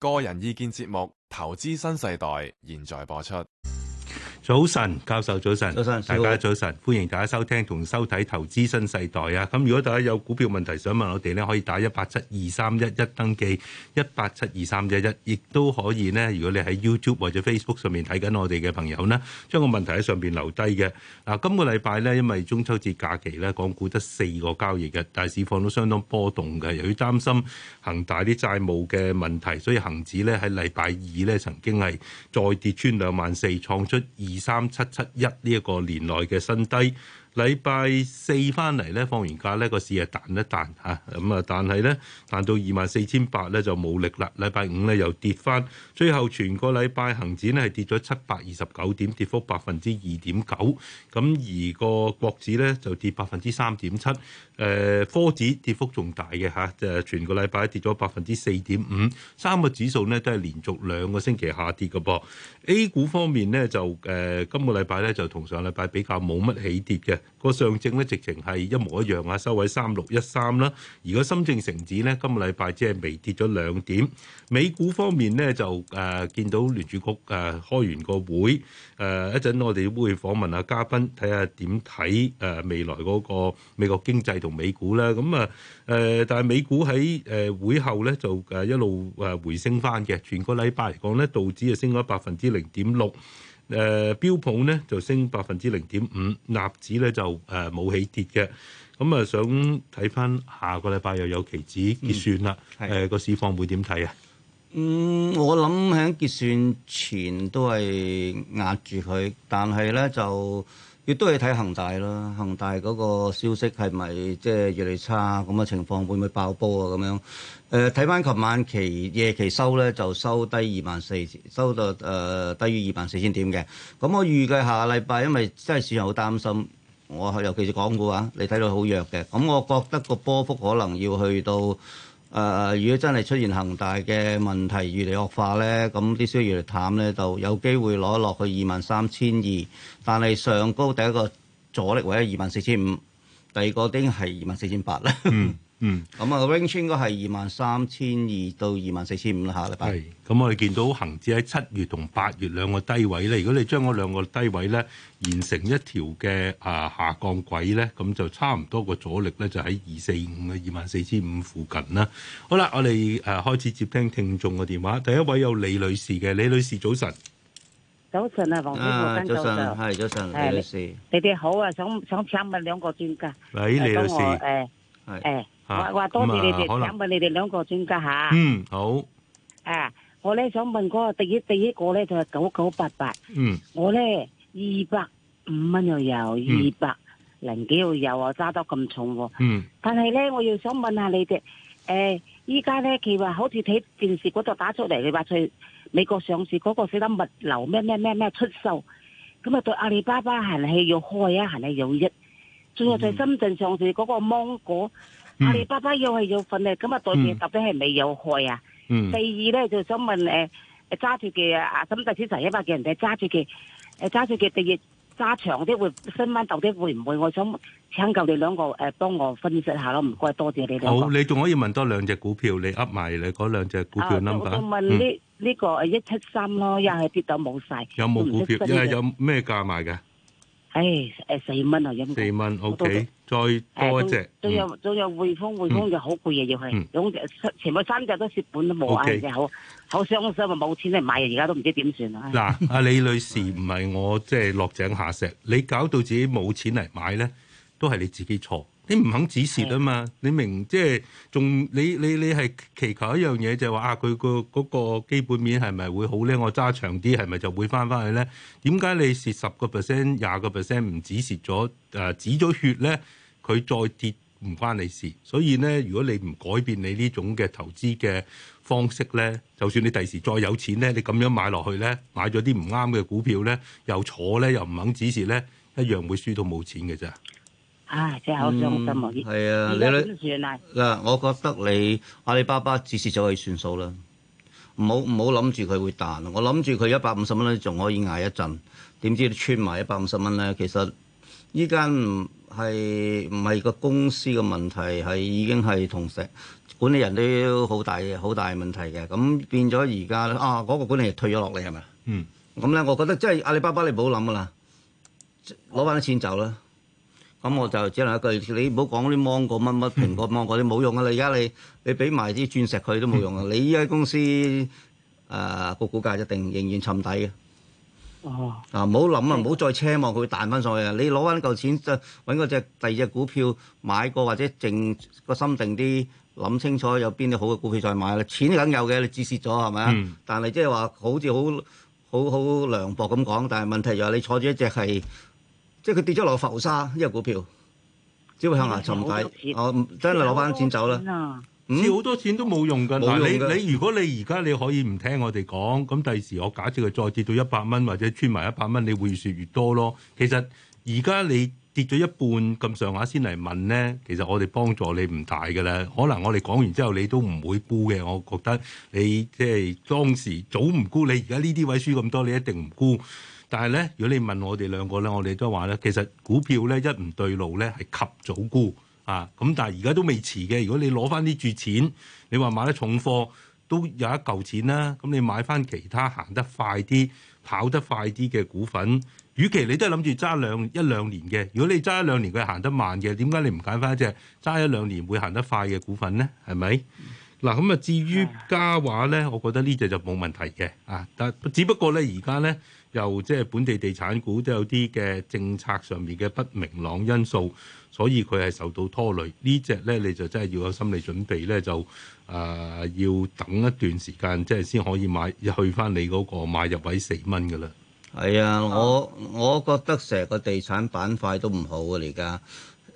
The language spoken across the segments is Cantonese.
個人意見節目《投資新世代》現在播出。早晨，教授早晨，早晨，早晨大家早晨，歡迎大家收聽同收睇《投資新世代》啊！咁如果大家有股票問題想問我哋咧，可以打一八七二三一一登記，一八七二三一一，1, 8, 7, 2, 3, 1, 亦都可以咧。如果你喺 YouTube 或者 Facebook 上，上面睇緊我哋嘅朋友呢，將個問題喺上邊留低嘅。嗱，今個禮拜咧，因為中秋節假期咧，港股得四個交易日，但係市況都相當波動嘅，由於擔心恒大啲債務嘅問題，所以恒指咧喺禮拜二咧曾經係再跌穿兩萬四，創出二。二三七七一呢一個年內嘅新低。禮拜四翻嚟咧，放完假咧個市係彈一彈嚇，咁啊，但係咧彈到二萬四千八咧就冇力啦。禮拜五咧又跌翻，最後全個禮拜恒指咧係跌咗七百二十九點，跌幅百分之二點九。咁而個國指咧就跌百分之三點七。誒、呃、科指跌幅仲大嘅嚇，誒全個禮拜跌咗百分之四點五。三個指數咧都係連續兩個星期下跌嘅噃。A 股方面咧就誒、呃、今個禮拜咧就同上禮拜比較冇乜起跌嘅。個上證咧直情係一模一樣啊，收位三六一三啦。而個深證成指呢，今個禮拜只係微跌咗兩點。美股方面呢，就誒、呃、見到聯儲局誒、呃、開完個會誒一陣我哋會訪問下嘉賓，睇下點睇誒未來嗰個美國經濟同美股啦。咁啊誒，但係美股喺誒、呃、會後咧就誒一路誒回升返嘅。全個禮拜嚟講咧道指就升咗百分之零點六。誒、呃、標普呢就升百分之零點五，納指咧就誒冇起跌嘅，咁啊想睇翻下個禮拜又有期指結算啦，誒個市況會點睇啊？嗯，我諗喺結算前都係壓住佢，但係咧就。亦都係睇恒大咯，恒大嗰個消息係咪即係越嚟越差咁嘅情況會唔會爆煲啊？咁樣誒，睇翻琴晚期夜期收咧就收低二萬四，收到誒、呃、低於二萬四千點嘅。咁我預計下個禮拜，因為真係市場好擔心，我尤其是港股啊，你睇到好弱嘅。咁我覺得個波幅可能要去到。誒、呃，如果真係出現恒大嘅問題越嚟越惡化咧，咁啲書越嚟淡咧，就有機會攞落，落去二萬三千二。但係上高第一個阻力位係二萬四千五，第二個已經係二萬四千八啦。嗯，咁啊，range 應該係二萬三千二到二萬四千五啦吓，係。咁我哋見到恒指喺七月同八月兩個低位咧，如果你將嗰兩個低位咧，連成一條嘅啊下降軌咧，咁就差唔多個阻力咧就喺二四五嘅二萬四千五附近啦。好啦，我哋誒開始接聽聽眾嘅電話，第一位有李女士嘅，李女士早晨，早晨啊，黃先生早晨，係早晨，早晨，李女士，哎、你哋好啊，想想請問兩個專家，李、哎、李女士，誒，係、哎，誒。我話、啊嗯、多謝你哋，請能問你哋兩個專家吓。嗯，好。誒、啊，我咧想問嗰個第一第一個咧就係九九八八。嗯，我咧二百五蚊又有，二百零幾又有啊，揸得咁重、哦。嗯，但係咧，我又想問下你哋，誒、呃，依家咧佢話好似睇電視嗰度打出嚟，你話去美國上市嗰個寫得物流咩咩咩咩出售，咁啊，對阿里巴巴係咪要開啊？係咪有益？仲有在、嗯、深圳上市嗰個芒果。阿里巴巴又係有份嘅，咁啊代表到底係未有害啊？第二咧就想問誒，揸住嘅啊，咁特此賺一百嘅人哋揸住嘅，誒揸住嘅，第二揸長啲會，新買到底會唔會？我想請教你兩個，誒幫我分析下咯，唔該多謝你哋。好，你仲可以問多兩隻股票，你噏埋你嗰兩隻股票 number。我問呢呢個一七三咯，又係跌到冇晒。有冇股票？有咩價賣嘅？唉，誒四蚊啊，四蚊 OK。再多一隻，仲、啊、有仲、嗯、有匯豐，匯豐又好攰嘢要去，總、嗯、全部三隻都蝕本 Okay. 都冇、哎、啊！好，好傷心啊！冇錢嚟買，而家都唔知點算啊！嗱，阿李女士唔係 我即係、就是、落井下石，你搞到自己冇錢嚟買咧，都係你自己錯。你唔肯止蝕啊嘛？的你明即係仲你你你係祈求一樣嘢就係、是、話啊佢、那個嗰、那個基本面係咪會好咧？我揸長啲係咪就會翻翻去咧？點解你蝕十個 percent、廿個 percent 唔止蝕咗誒止咗血咧？佢再跌唔關你事，所以咧，如果你唔改變你呢種嘅投資嘅方式咧，就算你第時再有錢咧，你咁樣買落去咧，買咗啲唔啱嘅股票咧，又坐咧又唔肯止蝕咧，一樣會輸到冇錢嘅啫。唉就是嗯、啊，真係好傷心啊！呢你，依家點止跌？嗱你，來我覺得你阿里巴巴止蝕就可以算數啦。唔好唔好諗住佢會彈，我諗住佢一百五十蚊咧，仲可以捱一陣。點知你穿埋一百五十蚊咧？其實依間唔～係唔係個公司嘅問題？係已經係同石管理人都好大好大問題嘅，咁變咗而家啊嗰、那個管理人退咗落嚟係咪？是是嗯，咁咧我覺得即係阿里巴巴你唔好諗啦，攞翻啲錢走啦。咁我就只能一句你唔好講啲芒果乜乜蘋果芒果啲冇、嗯、用啦。而家你你俾埋啲鑽石佢都冇用、嗯、啊。你依家公司誒個股價一定仍然沉底嘅。哦，嗱唔好諗啊，唔好、嗯、再奢望佢彈翻上去啊！你攞翻嚿錢就揾嗰隻第二隻股票買過，或者靜個心定啲，諗清楚有邊啲好嘅股票再買啦。錢梗有嘅，你止蝕咗係咪啊？但係即係話好似好好好涼薄咁講，但係問題就係你坐住一隻係，即係佢跌咗落浮沙呢隻、這個、股票，只會向下沉底，哦，真係攞翻啲錢走啦。跌好多錢都冇用噶，但你你如果你而家你可以唔聽我哋講，咁第時我假設佢再跌到一百蚊或者穿埋一百蚊，你會越蝕越多咯。其實而家你跌咗一半咁上下先嚟問咧，其實我哋幫助你唔大嘅啦。可能我哋講完之後你都唔會沽嘅，我覺得你即係當時早唔沽，你而家呢啲位輸咁多，你一定唔沽。但係咧，如果你問我哋兩個咧，我哋都話咧，其實股票咧一唔對路咧係及早沽。啊，咁但係而家都未遲嘅。如果你攞翻啲住錢，你話買得重貨都有一嚿錢啦。咁你買翻其他行得快啲、跑得快啲嘅股份，與其你都係諗住揸兩一兩年嘅，如果你揸一兩年佢行得慢嘅，點解你唔揀翻一隻揸一兩年會行得快嘅股份呢？係咪？嗱咁啊，至於嘉華呢，我覺得呢隻就冇問題嘅啊。但只不過呢，而家呢，又即係本地地產股都有啲嘅政策上面嘅不明朗因素。所以佢係受到拖累，這個、呢隻咧你就真係要有心理準備咧，就誒、呃、要等一段時間，即係先可以買去返你嗰個買入位四蚊㗎喇。係啊，我我覺得成個地產板塊都唔好啊，而家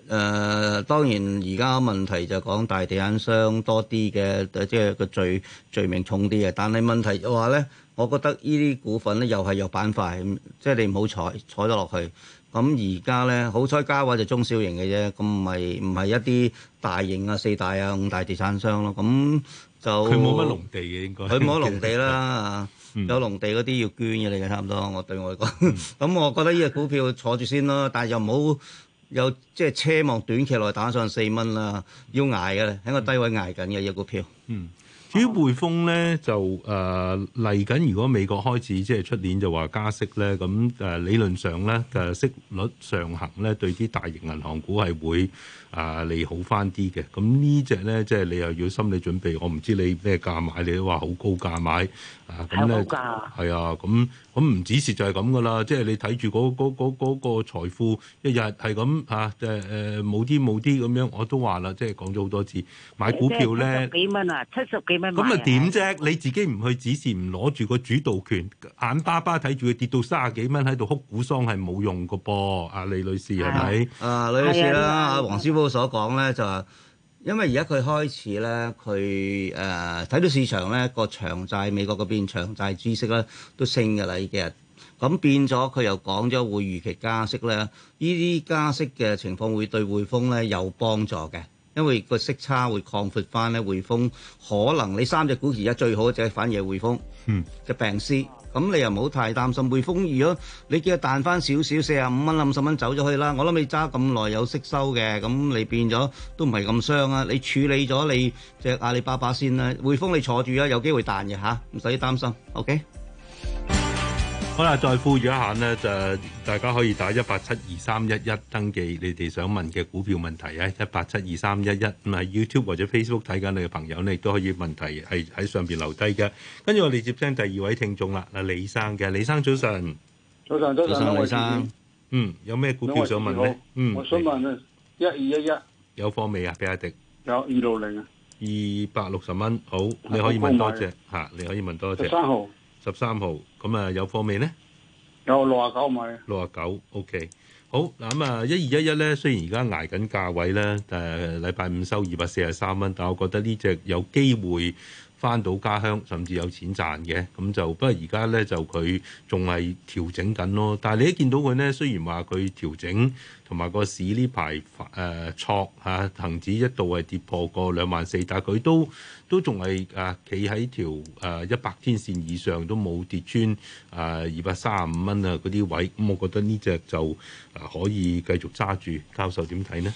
誒，當然而家問題就講大地產商多啲嘅，即係個罪罪名重啲嘅。但係問題嘅話咧，我覺得呢啲股份咧又係有板塊，即、就、係、是、你唔好踩，踩咗落去。咁而家咧，好彩嘉華就中小型嘅啫，咁唔係唔係一啲大型啊、四大啊、五大地產商咯，咁就佢冇乜農地嘅應該，佢冇乜農地啦，有農地嗰啲、 嗯、要捐嘅你嘅，差唔多。我對我嚟講，咁、 嗯嗯、我覺得呢隻股票坐住先咯，但係又唔好有即係奢望短期內打上四蚊啦，要捱嘅，喺個低位捱緊嘅一個股票。嗯。嗯。至於匯豐咧，就誒嚟緊，呃、如果美國開始即係出年就話加息咧，咁誒、呃、理論上咧嘅息率上行咧，對啲大型銀行股係會。啊，你好翻啲嘅，咁呢隻咧，即係你又要心理準備。我唔知你咩價買，你都話好高價買啊。咁、嗯、咧，係啊，咁咁唔止蝕就係咁噶啦。即係你睇住嗰嗰個財富一日係咁嚇誒誒，冇啲冇啲咁樣，我都話啦，即係講咗好多次買股票咧，七十幾蚊啊，嗯嗯、七十幾蚊。咁咪點啫？你自己唔去指示，唔攞住個主導權，眼巴巴睇住佢跌到三十幾蚊喺度哭股喪，係冇用噶噃。阿李女士係咪？啊，李女士啦，黃師傅。是所講咧就係、是，因為而家佢開始咧，佢誒睇到市場咧，個長債，美國嗰邊長債孳息咧都升㗎啦，呢幾日，咁變咗佢又講咗會預期加息咧，呢啲加息嘅情況會對匯豐咧有幫助嘅。因為個息差會擴闊翻咧，匯豐可能你三隻股而家最好就係反野匯豐嘅病師，咁、嗯、你又唔好太擔心匯豐。如果你叫佢彈翻少少四十五蚊，五十蚊走咗去啦，我諗你揸咁耐有息收嘅，咁你變咗都唔係咁傷啊。你處理咗你隻阿里巴巴先啦，匯豐你坐住啊，有機會彈嘅嚇，唔、啊、使擔心，OK。好啦，再呼籲一下呢，就大家可以打一八七二三一一登記，你哋想問嘅股票問題啊，一八七二三一一。唔係 YouTube 或者 Facebook 睇緊你嘅朋友，你都可以問題係喺上邊留低嘅。跟住我哋接聽第二位聽眾啦，阿李生嘅，李生，李生早晨，早晨早晨上，李生，嗯，有咩股票想問呢？嗯，我想問一二一一有貨未啊？比亞迪有二六零啊，二百六十蚊，好，你可以問多隻吓，啊，你可以問多隻十三號，十三號。咁啊，有貨未呢？有六啊九唔係。六啊九，OK。好，嗱咁啊，一二一一咧，雖然而家捱緊價位咧，誒禮拜五收二百四十三蚊，但係我覺得呢隻有機會。翻到家鄉，甚至有錢賺嘅，咁就不如而家呢，就佢仲係調整緊咯。但係你一見到佢呢，雖然話佢調整同埋個市呢排誒挫嚇，恒指一度係跌破個兩萬四，但係佢都都仲係誒企喺條誒一百天線以上，都冇跌穿誒二百三十五蚊啊嗰啲位。咁、嗯、我覺得呢隻就可以繼續揸住。教授點睇呢？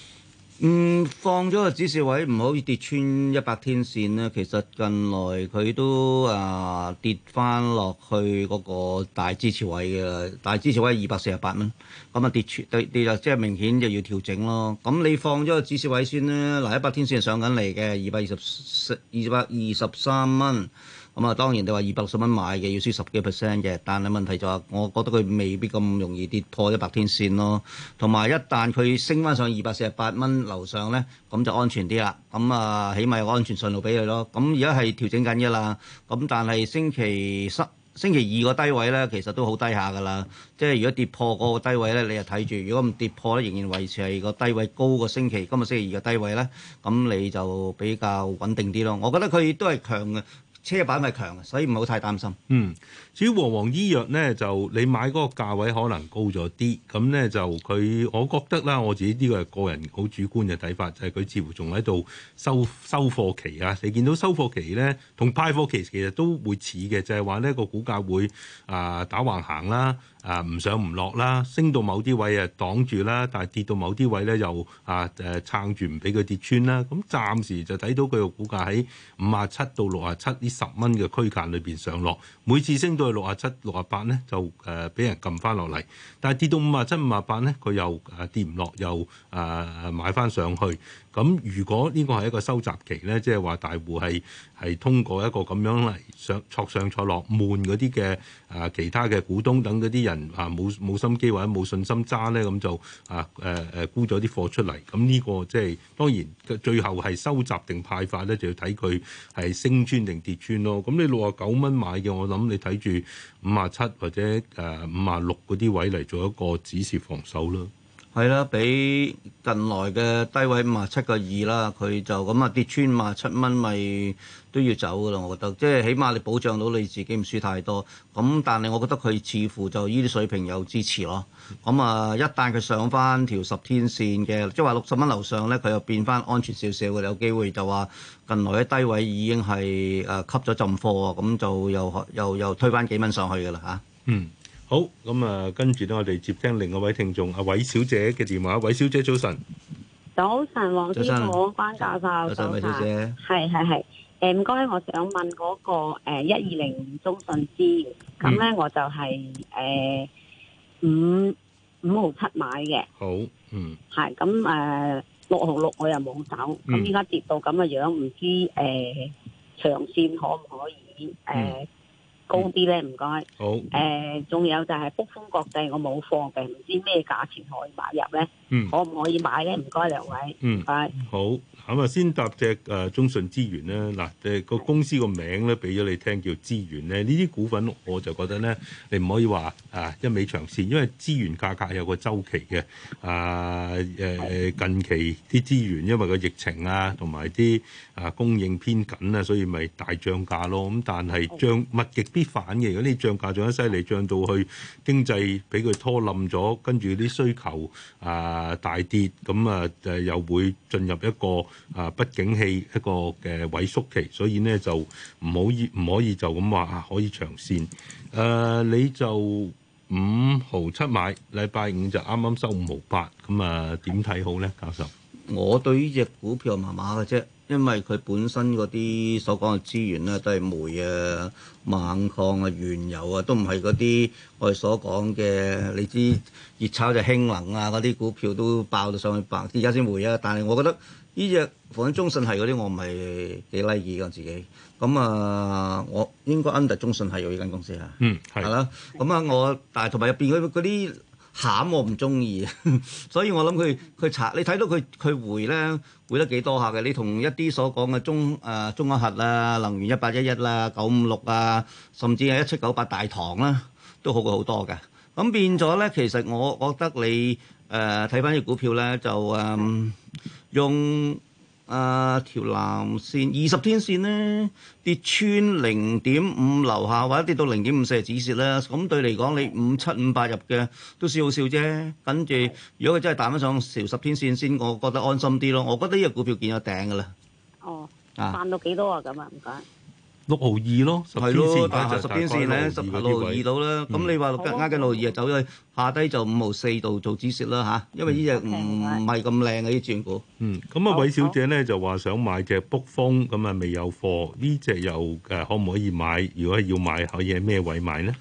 嗯，放咗個指示位唔好跌穿一百天線咧。其實近來佢都啊跌翻落去嗰個大支持位嘅，大支持位二百四十八蚊，咁啊跌穿跌跌就即係明顯就要調整咯。咁你放咗個指示位先啦，嗱，一百天線上緊嚟嘅二百二十四二百二十三蚊。22 4, 22咁啊、嗯，當然你話二百六十蚊買嘅要輸十幾 percent 嘅，但係問題就係，我覺得佢未必咁容易跌破一百天線咯。同埋一旦佢升翻上二百四十八蚊樓上咧，咁就安全啲啦。咁啊，起碼有安全信號俾佢咯。咁而家係調整緊嘅啦。咁但係星期三、星期二個低位咧，其實都好低下噶啦。即係如果跌破嗰個低位咧，你就睇住。如果唔跌破咧，仍然維持係個低位高個星期，今日星期二個低位咧，咁你就比較穩定啲咯。我覺得佢都係強嘅。車板係強嘅，所以唔好太擔心。嗯，至於和黃，黃醫藥咧，就你買嗰個價位可能高咗啲，咁咧就佢，我覺得啦，我自己呢個係個人好主觀嘅睇法，就係佢似乎仲喺度收收貨期啊，你見到收貨期咧，同派貨期其實都會似嘅，就係話呢個股價會啊打橫行啦。啊，唔上唔落啦，升到某啲位啊，擋住啦，但係跌到某啲位咧，又啊誒撐住唔俾佢跌穿啦。咁暫時就睇到佢個股價喺五啊七到六啊七呢十蚊嘅區間裏邊上落，每次升到去六啊七六啊八咧，就誒俾人撳翻落嚟，但係跌到五啊七五啊八咧，佢又啊跌唔落，又啊買翻上去。咁如果呢個係一個收集期咧，即係話大戶係係通過一個咁樣嚟上挫上挫落，悶嗰啲嘅啊其他嘅股東等嗰啲人啊冇冇心機或者冇信心揸咧，咁就啊誒誒沽咗啲貨出嚟。咁呢個即係當然最後係收集定派發咧，就要睇佢係升穿定跌穿咯。咁你六啊九蚊買嘅，我諗你睇住五啊七或者誒五啊六嗰啲位嚟做一個止蝕防守啦。係啦，比近來嘅低位五十七個二啦，佢就咁啊跌穿五十七蚊咪都要走噶啦，我覺得。即係起碼你保障到你自己唔輸太多。咁但係我覺得佢似乎就依啲水平有支持咯。咁啊，一旦佢上翻條十天線嘅，即係話六十蚊樓上咧，佢又變翻安全少少嘅，有機會就話近來嘅低位已經係誒吸咗浸貨，咁就又又又推翻幾蚊上去㗎啦嚇。啊、嗯。好，咁、嗯、啊，跟住咧，我哋接聽另一位聽眾阿韋小姐嘅電話。韋小姐，早晨。早晨，黃師傅，關教授，早晨，早晨小姐，係係係。誒，唔該，欸、我想問嗰、那個誒一二零五中信資源，咁咧、嗯、我就係誒五五號七買嘅。好，嗯，係咁誒六號六我又冇走，咁依家跌到咁嘅樣，唔知誒、呃、長線可唔可以誒？呃嗯高啲咧，唔該、嗯。好。誒、呃，仲有就係北風國際，我冇貨嘅，唔知咩價錢可以買入咧？嗯，可唔可以買咧？唔該，兩位。嗯，拜是。好。咁啊，先答隻誒中信資源咧。嗱，誒個公司個名咧，俾咗你聽叫資源咧。呢啲股份我就覺得咧，你唔可以話啊一味長線，因為資源價格有個周期嘅。啊誒，近期啲資源因為個疫情啊，同埋啲。啊，供應偏緊啊，所以咪大漲價咯。咁但係漲物極必反嘅，如果你漲價漲得犀利，漲到去經濟俾佢拖冧咗，跟住啲需求啊大跌，咁啊誒又會進入一個啊不景氣一個嘅萎縮期，所以咧就唔好唔可以就咁話、啊、可以長線誒、啊。你就五毫七買，禮拜五就啱啱收五毫八，咁啊點睇好咧？教授，我對呢隻股票麻麻嘅啫。因為佢本身嗰啲所講嘅資源咧，都係煤啊、猛礦啊、原油啊，都唔係嗰啲我哋所講嘅，你知熱炒就興氫能啊，嗰啲股票都爆到上去白，而家先回啊。但係我覺得呢隻，凡係中信系嗰啲，我唔係幾 like 嘅自己。咁、嗯、啊，我應該 under 中信系有呢間公司啊。嗯，係啦。咁啊的、嗯，我但係同埋入邊嗰啲。慘，我唔中意， 所以我諗佢佢查你睇到佢佢回咧，回得幾多下嘅？你同一啲所講嘅中誒、呃、中安核啦、能源一八一一啦、九五六啊，甚至係一七九八大唐啦，都好過好多嘅。咁變咗咧，其實我覺得你誒睇翻隻股票咧，就誒、呃、用。啊，條藍線二十天線咧跌穿零點五樓下，或者跌到零點五四止蝕啦。咁對嚟講，你五七五八入嘅都少少笑啫。跟住，如果佢真係彈翻上條十天線先，我覺得安心啲咯。我覺得呢個股票見咗頂㗎啦。哦，啊，賺到幾多啊？咁啊、嗯，唔該。六毫二咯，十天線就十天線咧，十六毫二到啦。咁你話跟啱跟六毫二啊，走咗去下低就五毫四度做止蝕啦嚇。因為呢隻唔唔係咁靚嘅啲轉股。嗯，咁啊，偉小姐咧就話想買隻卜蜂，咁啊未有貨，呢隻又誒可唔可以買？如果要買，喺嘢咩位買咧？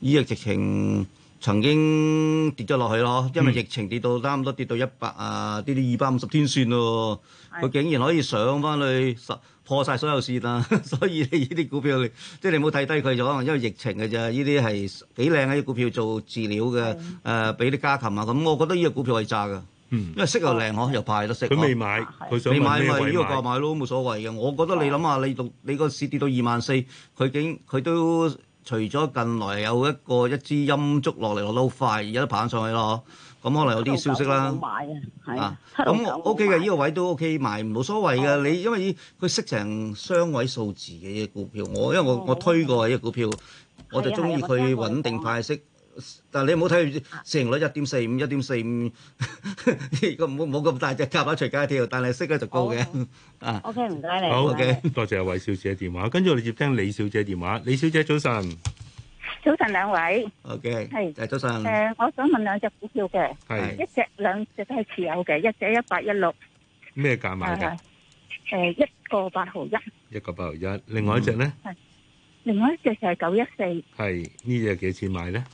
呢隻直情曾經跌咗落去咯，因為疫情跌到差唔多跌到一百啊，跌到二百五十天線咯。佢竟然可以上翻去十破晒所有線啦。 所以呢啲股票，你即係你冇睇低佢就可能因為疫情嘅啫。呢啲係幾靚嘅股票，做飼料嘅，誒、嗯，俾啲家禽啊。咁我覺得呢個股票係炸嘅，因為息又靚，嗬，又派得息。佢未、啊、買，佢、啊、想買咩，你買咪，呢個價買咯，冇所謂嘅。我覺得你諗下、啊，你讀你個市跌到二萬四，佢竟佢都除咗近來有一個一支陰燭落嚟，我撈快而家爬翻上去咯。咁可能有啲消息啦，啊，咁 O K 嘅呢個位都 O K 賣，冇所謂嘅你，因為佢息成雙位數字嘅股票，我因為我我推過啲股票，我就中意佢穩定派息。但係你唔好睇佢，市盈率一點四五、一點四五，個冇冇咁大隻蛤乸，隨街跳，但係息率就高嘅。啊，O K，唔該你。好，多謝阿惠小姐電話，跟住我哋接聽李小姐電話。李小姐早晨。早晨，兩位。OK，係，誒，早晨。誒，我想問兩隻股票嘅，係，一隻兩隻都係持有嘅，一隻一八一六。咩價買嘅？誒，一個八毫一。一個八毫一，另外一隻咧？係。另外一隻就係九一四。係，呢隻幾錢買咧？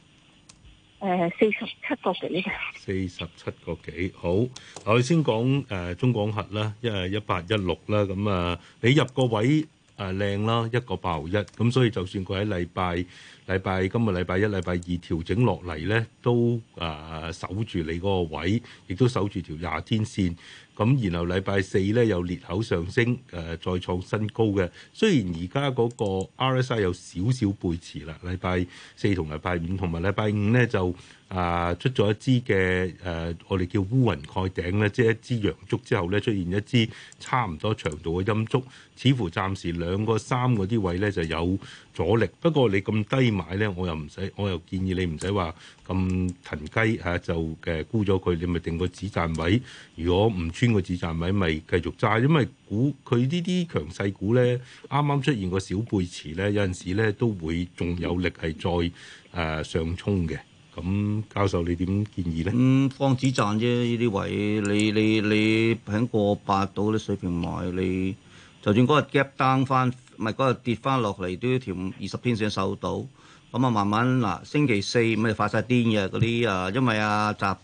誒，四十七個幾嘅。四十七個幾，好。我哋先講誒，中港核啦，一係一八一六啦，咁啊，你入個位。誒靚、啊、啦一個八毫一，咁所以就算佢喺禮拜禮拜今個禮拜一、禮拜二調整落嚟呢，都誒、啊、守住你嗰個位，亦都守住條廿天線。咁然後禮拜四呢又裂口上升，誒、啊、再創新高嘅。雖然而家嗰個 RSI 有少少背馳啦，禮拜四同禮拜五，同埋禮拜五呢就。啊！出咗一支嘅誒，我哋叫烏雲蓋頂咧，即係一支陽燭之後咧，出現一支差唔多長度嘅陰燭，似乎暫時兩個三嗰啲位咧就有阻力。不過你咁低買咧，我又唔使，我又建議你唔使話咁騰雞嚇、啊，就嘅沽咗佢，你咪定個止賺位。如果唔穿個止賺位，咪繼續揸，因為股佢呢啲強勢股咧，啱啱出現個小背馳咧，有陣時咧都會仲有力係再誒、啊、上衝嘅。咁教授你點建議咧？咁、嗯、放止賺啫，呢啲位你你你喺過百度啲水平買，你就算嗰日 gap down 翻，唔係嗰日跌翻落嚟都要填二十天線收到。咁啊，慢慢嗱、啊，星期四咪發晒癲嘅嗰啲啊，因為阿、啊、習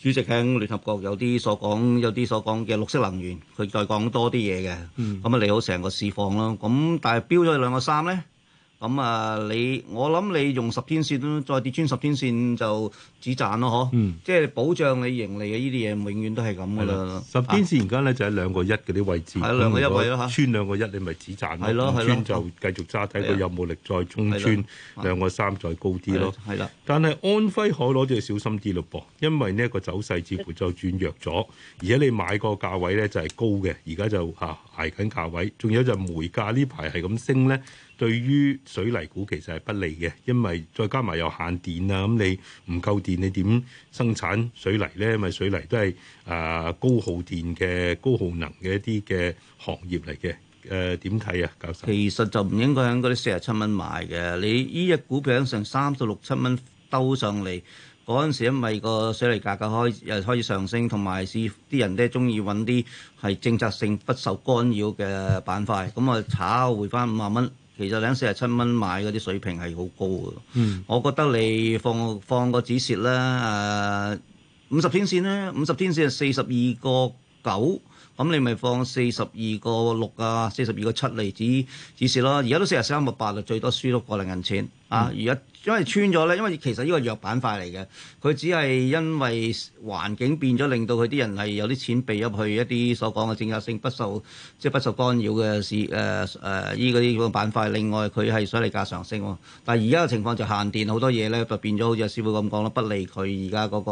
主席喺聯合國有啲所講，有啲所講嘅綠色能源，佢再講多啲嘢嘅。咁啊、嗯，利好成個市況咯。咁但係標咗兩個三咧？咁啊！你我諗你用十天線咯，再跌穿十天線就止賺咯，嗬。即係保障你盈利嘅呢啲嘢，永遠都係咁噶啦。十天線而家咧就喺兩個一嗰啲位置，咁如果穿兩個一，你咪止賺咯。係咯，穿就繼續揸睇佢有冇力再沖穿兩個三再高啲咯。係啦。但係安徽海螺就要小心啲咯，噃，因為呢一個走勢似乎就轉弱咗，而且你買個價位咧就係高嘅，而家就嚇挨緊價位，仲有就煤價呢排係咁升咧。對於水泥股，其實係不利嘅，因為再加埋又限電啊！咁、嗯、你唔夠電，你點生產水泥咧？咪水泥都係啊、呃、高耗電嘅、高耗能嘅一啲嘅行業嚟嘅。誒點睇啊，教授？其實就唔應該喺嗰啲四十七蚊買嘅。你依隻股票喺成三到六七蚊兜上嚟嗰陣時，因為個水泥價格開又開始上升，同埋是啲人都係中意揾啲係政策性不受干擾嘅板塊，咁啊炒回翻五萬蚊。其實零四十七蚊買嗰啲水平係好高嘅。嗯、我覺得你放放個止蝕啦，誒五十天線咧，五十天線係四十二個九，咁你咪放四十二個六啊，四十二個七嚟止止蝕咯。而家都四十三個八，啦最多輸六個零銀錢。啊、嗯！而家、嗯、因為穿咗咧，因為其實呢個藥板塊嚟嘅，佢只係因為環境變咗，令到佢啲人係有啲錢避入去一啲所講嘅政策性不受即係不受干擾嘅市誒誒依嗰啲個板塊。另外佢係水力價上升喎，但係而家嘅情況就限電好多嘢咧，就變咗好似阿師傅咁講咯，不利佢而家嗰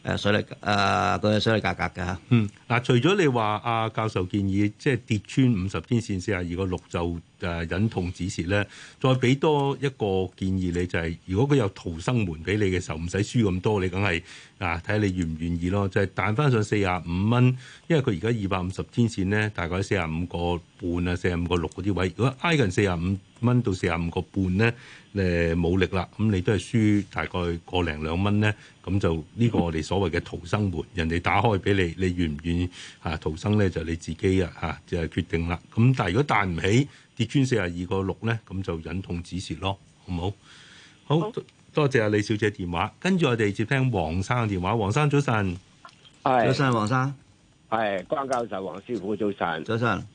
個水力誒個水力價格嘅。嗯，嗱，除咗你話阿教授建議即係、就是、跌穿五十天線四廿二個六就。誒、啊、忍痛止蝕咧，再俾多一個建議你、就是，就係如果佢有逃生門俾你嘅時候，唔使輸咁多，你梗係啊睇下你願唔願意咯。就係彈翻上四十五蚊，因為佢而家二百五十天線咧，大概四十五個半啊，四十五個六嗰啲位，如果挨近四十五蚊到四十五個半咧，誒、呃、冇力啦，咁你都係輸大概個零兩蚊咧，咁就呢個我哋所謂嘅逃生門，人哋打開俾你，你願唔願意啊逃生咧就是、你自己啊就係決定啦。咁、啊、但係如果彈唔起。跌穿四十二個六咧，咁就忍痛止蝕咯，好唔好？好多謝阿李小姐電話，跟住我哋接聽黃生嘅電話。黃生早晨，早晨黃生，係，江教授黃師傅早晨，早晨。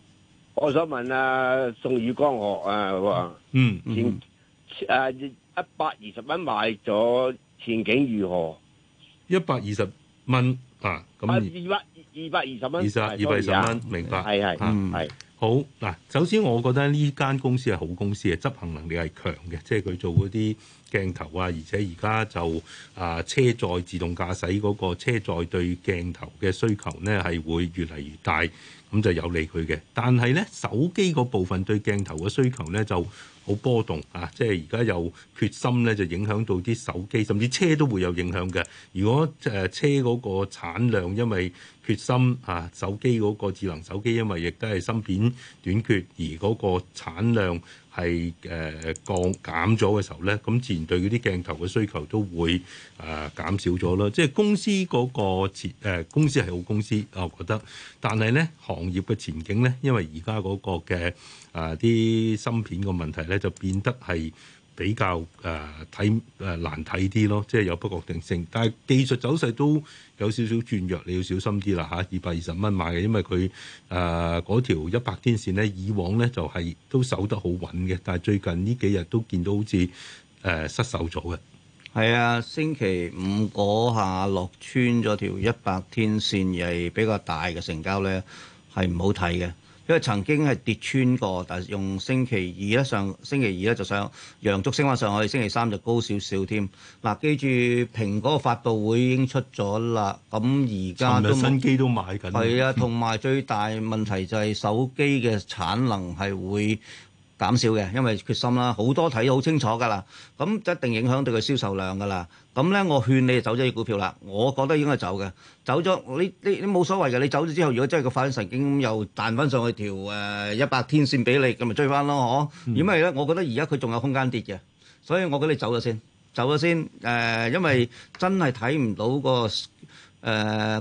我想問阿舜宇光學啊，嗯前一百二十蚊買咗，前景如何？一百二十蚊啊，咁二百二百二十蚊，二百二百二十蚊，明白？係係係。好嗱，首先我覺得呢間公司係好公司嘅，執行能力係強嘅，即係佢做嗰啲鏡頭啊，而且而家就啊車載自動駕駛嗰個車載對鏡頭嘅需求呢，係會越嚟越大，咁就有利佢嘅。但係咧手機嗰部分對鏡頭嘅需求咧就。好波動啊！即係而家有缺芯咧，就影響到啲手機，甚至車都會有影響嘅。如果誒、呃、車嗰個產量因為缺芯，啊，手機嗰個智能手機因為亦都係芯片短缺，而嗰個產量係誒、呃、降減咗嘅時候咧，咁自然對嗰啲鏡頭嘅需求都會誒、呃、減少咗啦。即係公司嗰個前、呃、公司係好公司，我覺得，但係咧行業嘅前景咧，因為而家嗰個嘅。啊！啲芯片個問題咧，就變得係比較誒睇誒難睇啲咯，即係有不確定性。但係技術走勢都有少少轉弱，你要小心啲啦嚇！二百二十蚊買嘅，因為佢誒嗰條一百天線咧，以往咧就係、是、都守得好穩嘅，但係最近呢幾日都見到好似誒、呃、失守咗嘅。係啊，星期五嗰下落穿咗條一百天線，係比較大嘅成交咧，係唔好睇嘅。因為曾經係跌穿過，但係用星期二咧，上星期二咧就上，陽燭升翻上去，星期三就高少少添。嗱、啊，記住蘋果發佈會已經出咗啦，咁而家新機都買緊，係啊，同埋 最大問題就係手機嘅產能係會。減少嘅，因為決心啦，好多睇到好清楚㗎啦，咁一定影響到佢銷售量㗎啦。咁咧，我勸你走咗啲股票啦，我覺得應該走嘅，走咗你你你冇所謂㗎，你走咗之後，如果真係個發神經咁又彈翻上去條誒一百天線俾你，咁咪追翻咯，嗬？如果唔係咧，我覺得而家佢仲有空間跌嘅，所以我覺得你走咗先，走咗先。誒，因為真係睇唔到個誒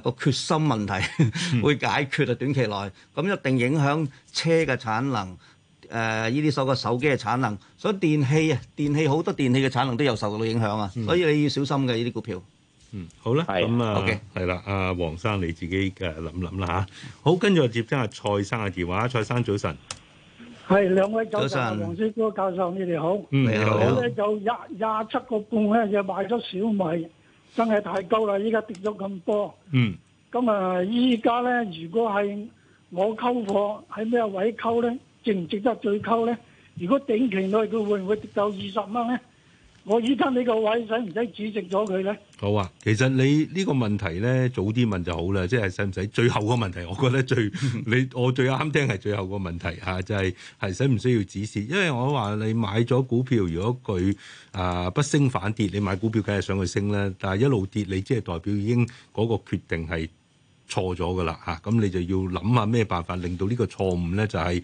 個決心問題會解決啊，短期內，咁一定影響車嘅產能。誒依啲所個手機嘅產能，所以電器啊，電器好多電器嘅產能都有受到影響啊，所以你要小心嘅依啲股票。嗯，好啦，咁啊，OK，係啦，阿黃生你自己誒諗一諗啦嚇。好，跟住接聽阿蔡生嘅電話。蔡生早晨，係兩位早晨，黃師哥教授，你哋好，你好。我咧就廿廿七個半咧就買咗小米，真係太高啦！依家跌咗咁多，嗯，咁啊依家咧如果係我溝貨喺咩位溝咧？值唔值得再溝咧？如果短期內佢會唔會跌夠二十蚊咧？我依家呢個位使唔使止蝕咗佢咧？好啊，其實你呢個問題咧，早啲問就好啦，即係使唔使最後個問題？我覺得最 你我最啱聽係最後個問題嚇、啊，就係係使唔需要止蝕，因為我話你買咗股票，如果佢啊、呃、不升反跌，你買股票梗係上去升啦，但係一路跌，你即係代表已經嗰個決定係錯咗噶啦嚇，咁、啊、你就要諗下咩辦法令到呢個錯誤咧就係、是。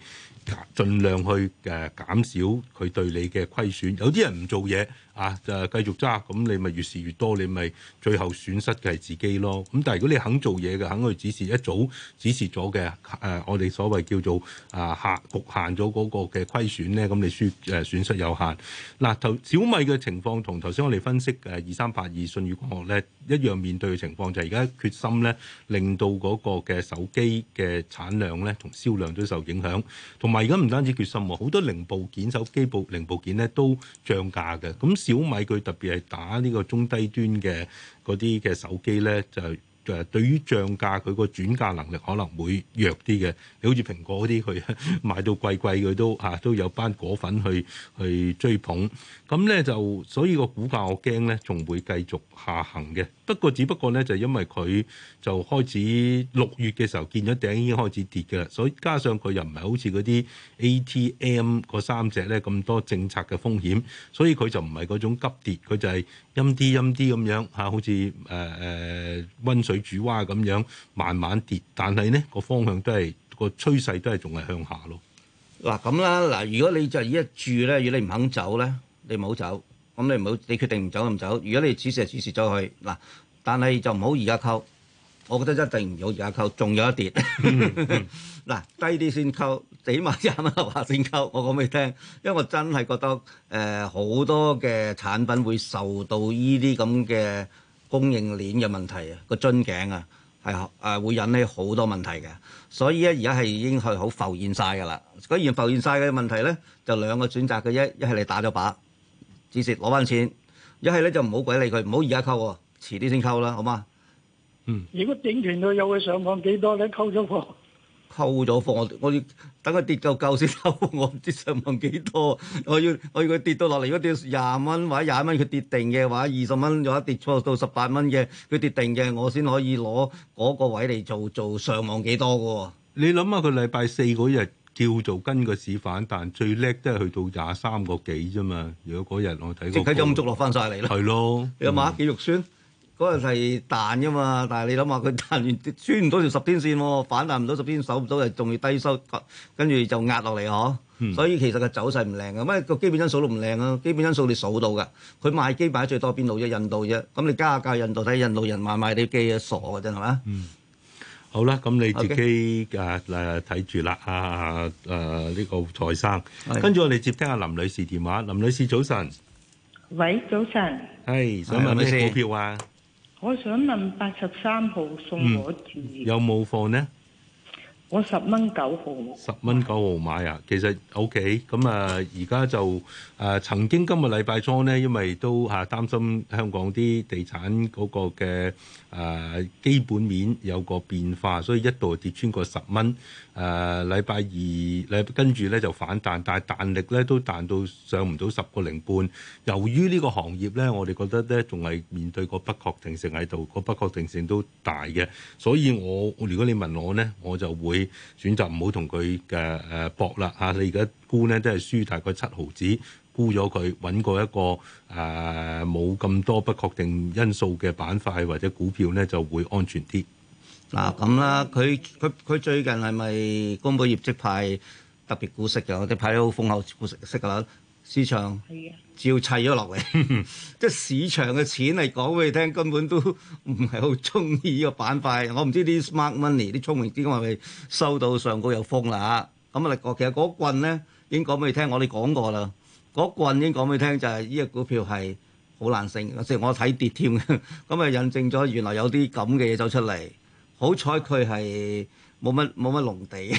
盡量去誒減少佢對你嘅虧損，有啲人唔做嘢。啊！就繼續揸，咁你咪越蝕越多，你咪最後損失嘅係自己咯。咁但係如果你肯做嘢嘅，肯去止蝕一早止蝕咗嘅，誒，我哋所謂叫做啊限局限咗嗰個嘅虧損咧，咁你輸誒損失有限。嗱、啊，頭小米嘅情況同頭先我哋分析誒二三八二舜宇光學咧一樣面對嘅情況，就係而家缺芯咧令到嗰個嘅手機嘅產量咧同銷量都受影響，同埋而家唔單止缺芯，好多零部件手機部零部件咧都漲價嘅咁。嗯小米佢特別係打呢個中低端嘅嗰啲嘅手機咧，就。就係對於漲價，佢個轉嫁能力可能會弱啲嘅。你好似蘋果嗰啲，佢賣到貴貴，佢都嚇、啊、都有班果粉去去追捧。咁咧就所以個股價我呢，我驚咧仲會繼續下行嘅。不過只不過咧就因為佢就開始六月嘅時候見咗頂已經開始跌嘅啦。所以加上佢又唔係好似嗰啲 ATM 嗰三隻咧咁多政策嘅風險，所以佢就唔係嗰種急跌，佢就係、是。陰啲陰啲咁樣嚇，好似誒誒温水煮蛙咁樣慢慢跌，但係咧個方向都係個趨勢都係仲係向下咯。嗱咁啦，嗱如果你就而家住咧，如果你唔肯走咧，你唔好走，咁你唔好，你決定唔走就唔走。如果你此時此時再去嗱，但係就唔好而家溝。我覺得一定唔好而家溝，仲有一跌。 嗱，低啲先溝，起碼一蚊、八先溝。我講俾你聽，因為我真係覺得誒好、呃、多嘅產品會受到呢啲咁嘅供應鏈嘅問題啊，個樽頸啊，係誒、呃、會引起好多問題嘅。所以咧，而家係已經係好浮現晒噶啦。既然浮現晒嘅問題咧，就兩個選擇嘅一，一係你打咗靶，直接攞翻錢；一係咧就唔好鬼理佢，唔好而家溝喎，遲啲先溝啦，好嗎？嗯，如果整團佢又會上網幾多咧，溝咗貨。溝咗貨，我要等佢跌夠夠先收。我唔知上網幾多，我要我要佢跌到落嚟。如果跌廿蚊或者廿蚊，佢跌定嘅；或者二十蚊，有一跌錯到十八蚊嘅，佢跌定嘅，我先可以攞嗰個位嚟做做上網幾多嘅。你諗下，佢禮拜四嗰日叫做跟個市反彈，最叻都係去到廿三個幾啫嘛。如果嗰日我睇到、那個，即係金足落翻晒嚟啦。係咯，嗯、你話幾肉酸？嗰日係彈噶嘛，但係你諗下佢彈完穿唔到條十天線喎，反彈唔到十天，守唔到，係仲要低收，跟住就壓落嚟呵。所以其實個走勢唔靚嘅，因為個基本因素都唔靚啊。基本因素你數到嘅，佢賣機賣得最多邊度啫？印度啫。咁你加下價印度睇印度人買唔買啲機啊？傻嘅真係嘛？嗯。好啦，咁你自己嘅誒睇住啦，阿誒呢個財生。跟住我哋接聽阿林女士電話。林女士早晨。喂，早晨。係想問你股票啊？我想問八十三號送我字、嗯、有冇貨呢？我十蚊九號十蚊九號買啊，其實 OK 咁啊，而家就。誒、呃、曾經今日禮拜初咧，因為都嚇擔心香港啲地產嗰個嘅誒、呃、基本面有個變化，所以一度跌穿過十蚊。誒禮拜二，禮跟住咧就反彈，但係彈力咧都彈到上唔到十個零半。由於呢個行業咧，我哋覺得咧仲係面對個不確定性喺度，個不確定性都大嘅。所以我如果你問我咧，我就會選擇唔好同佢嘅誒搏啦嚇。你而家。沽咧都係輸大概七毫子，沽咗佢揾過一個誒冇咁多不確定因素嘅板塊或者股票咧就會安全啲。嗱咁啦，佢佢佢最近係咪公布業績派特別股息嘅？我哋派咗好豐厚，股息息㗎啦，市場照砌咗落嚟，即 係 市場嘅錢嚟講俾你聽，根本都唔係好中意呢個板塊。我唔知啲 smart money 啲聰明資金係咪收到上個有風啦？咁啊，其實嗰棍咧。已經講俾你聽，我哋講過啦。嗰棍已經講俾你聽，就係呢隻股票係好難升，即係我睇跌添。咁啊，印證咗原來有啲咁嘅嘢走出嚟。好彩佢係冇乜冇乜農地。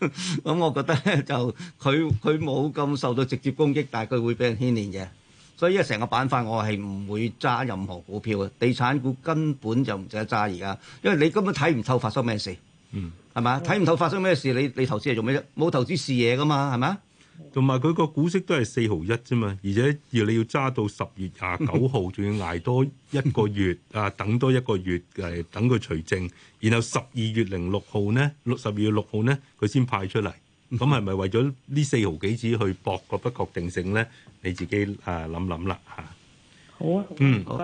咁、 嗯、我覺得咧，就佢佢冇咁受到直接攻擊，但係佢會俾人牽連嘅。所以呢個成個板塊，我係唔會揸任何股票嘅。地產股根本就唔值得揸而家，因為你根本睇唔透發生咩事。嗯，係嘛？睇唔透發生咩事，你你投資係做咩啫？冇投資視野噶嘛，係咪？同埋佢個股息都係四毫一啫嘛，而且要你要揸到十月廿九號，仲要捱多一個月啊，等多一個月誒，等佢除淨，然後十二月零六號呢，六十二月六號呢，佢先派出嚟。咁係咪為咗呢四毫幾子去搏個不確定性咧？你自己誒諗諗啦吓。好啊，嗯好，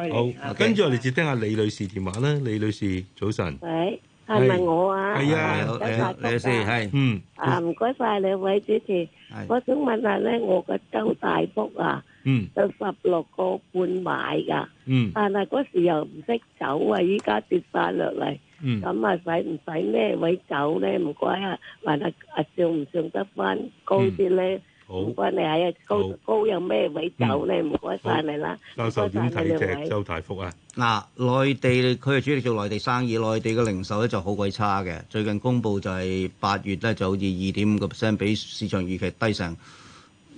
跟住我哋接聽下李女士電話啦，李女士早晨。喂。係咪我啊？周大福啊，嗯，啊唔該晒兩位主持，我想問下咧，我個周大福啊，有十六個半買噶，嗯，但係嗰時又唔識走啊，依家跌晒落嚟，嗯，咁啊使唔使咩位走咧？唔該啊，話得啊，上唔上得翻高啲咧？好，唔該你喺高好高有咩位走，嗯、關你，唔該晒你啦，教授點睇隻周大福啊？嗱，內地佢係主力做內地生意，內地嘅零售咧就好鬼差嘅。最近公佈就係八月咧，就好似二點五個 percent，比市場預期低成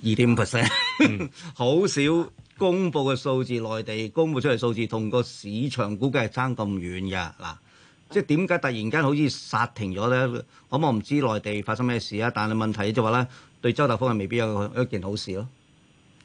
二點五 percent，好少公佈嘅數字。內地公佈出嚟數字同個市場估計係差咁遠嘅。嗱，即係點解突然間好似煞停咗咧？我唔知內地發生咩事啊。但係問題就話咧。對周大福係未必有一件好事咯。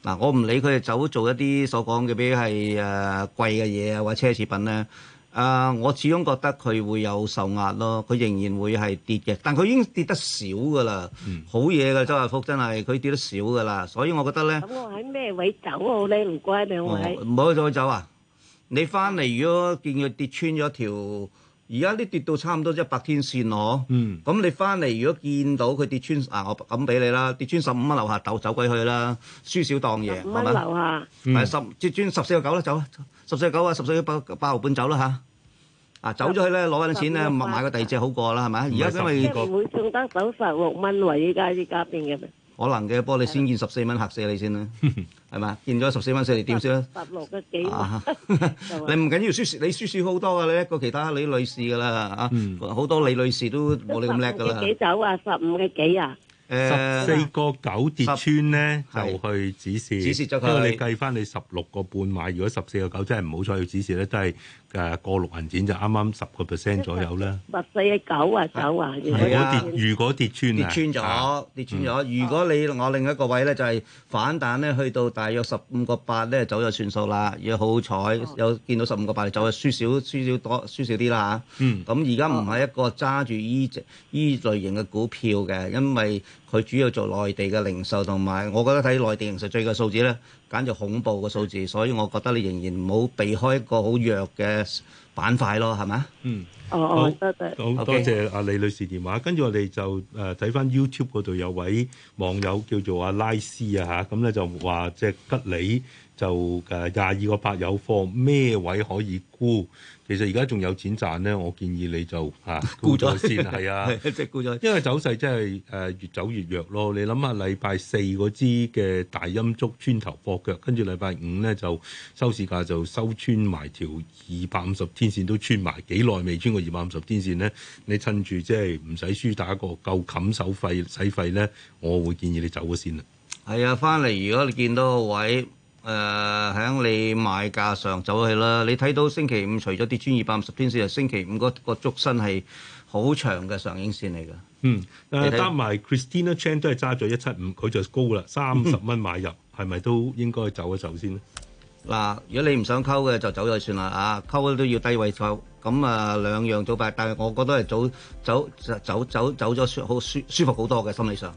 嗱，我唔理佢走做一啲所講嘅，比如係誒貴嘅嘢啊，或者奢侈品咧。啊，我始終覺得佢會有受壓咯，佢仍然會係跌嘅。但佢已經跌得少噶啦，好嘢嘅周大福真係，佢跌得少噶啦。所以我覺得咧，咁我喺咩位走好咧？唔該兩位，唔好再走啊！你翻嚟如果見佢跌穿咗條而家啲跌到差唔多一百天線呵，咁、嗯、你翻嚟如果見到佢跌穿啊，我咁俾你啦，跌穿十五蚊樓下走走鬼去啦，輸少當贏係嘛？十五蚊樓下，咪、嗯、十跌穿十四個九啦走，啦。十四個九啊十四個八毫半走啦吓，啊走咗去咧攞翻啲錢咧買 10, 買個第二隻好過啦係咪？而家是因為即係會送得手十六蚊喎，依家啲家賓嘅。可能嘅波，你先見十四蚊嚇死你先啦，係嘛？ 見咗十四蚊，衰 你點先啊？十六個幾你唔緊要輸你輸少好多噶、啊，你一個其他李女士噶啦嚇，好、嗯、多李女士都冇你咁叻噶啦。十幾走啊？十五個幾啊？誒、欸，十四個九跌穿咧，十就去指示。指示咗佢。因為你計翻你十六個半買，如果十四個九真係唔好再去指示咧，真係。誒過六銀展就啱啱十個 percent 左右啦，十四九啊九啊！如果跌，如果跌穿，、啊跌穿，跌穿咗，跌穿咗。如果你我另一個位咧，就係、是、反彈咧，去到大約十五個八咧，走就算數啦。要好彩，哦、有見到十五個八嚟走就輸少，輸少輸少多，輸少啲啦嚇。咁而家唔係一個揸住呢隻呢類型嘅股票嘅，因為佢主要做內地嘅零售，同埋我覺得睇內地零售最嘅數字咧。簡直恐怖嘅數字，所以我覺得你仍然唔好避開一個好弱嘅板塊咯，係咪？嗯，哦哦，好,好多謝，多謝阿李女士電話。跟住我哋就誒睇、呃、翻 YouTube 嗰度有位網友叫做阿拉斯啊嚇，咁、嗯、咧就話即係、就是、吉利就誒廿二個八有貨，咩位可以沽？其實而家仲有錢賺咧，我建議你就嚇沽咗先，係 啊，即係沽咗，因為走勢真係誒越走越弱咯。你諗下，禮拜四嗰支嘅大陰燭穿頭破腳，跟住禮拜五咧就收市價就收穿埋條二百五十天線都穿埋，幾耐未穿過二百五十天線咧？你趁住即係唔使輸打過夠冚手費使費咧，我會建議你走咗先啦。係啊，翻嚟如果你見到個位。誒，喺、uh, 你買價上走咗去啦！你睇到星期五除咗跌穿二百五十天線，星期五嗰、那個竹身係好長嘅上影線嚟噶。嗯，誒、呃、加埋看、啊、Christina Chan 都係揸咗一七五，佢就高啦，三十蚊買入係咪 都應該走一走先咧？嗱，如果你唔想溝嘅就走咗算啦啊！溝都要低位購，咁啊兩樣做法，但係我覺得係早走走走走走咗舒好舒舒服好多嘅心理上。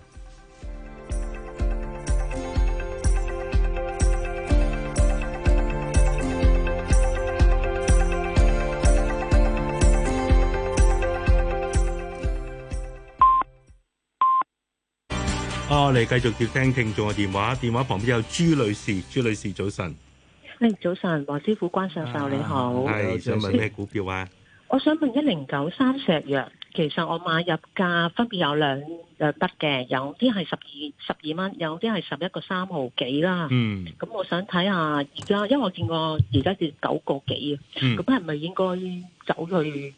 我哋繼續接聽聽眾嘅電話，電話旁邊有朱女士。朱女士早晨。誒，早晨。黃師傅、關教授你好。係、啊哎，想問咩股票啊？我想問一零九三石藥，其實我買入價分別有兩誒筆嘅，有啲係十二十二蚊，有啲係十一個三毫幾啦，嗯，咁我想睇下而家，因為我見過而家跌九個幾啊，嗯，咁係咪應該走去？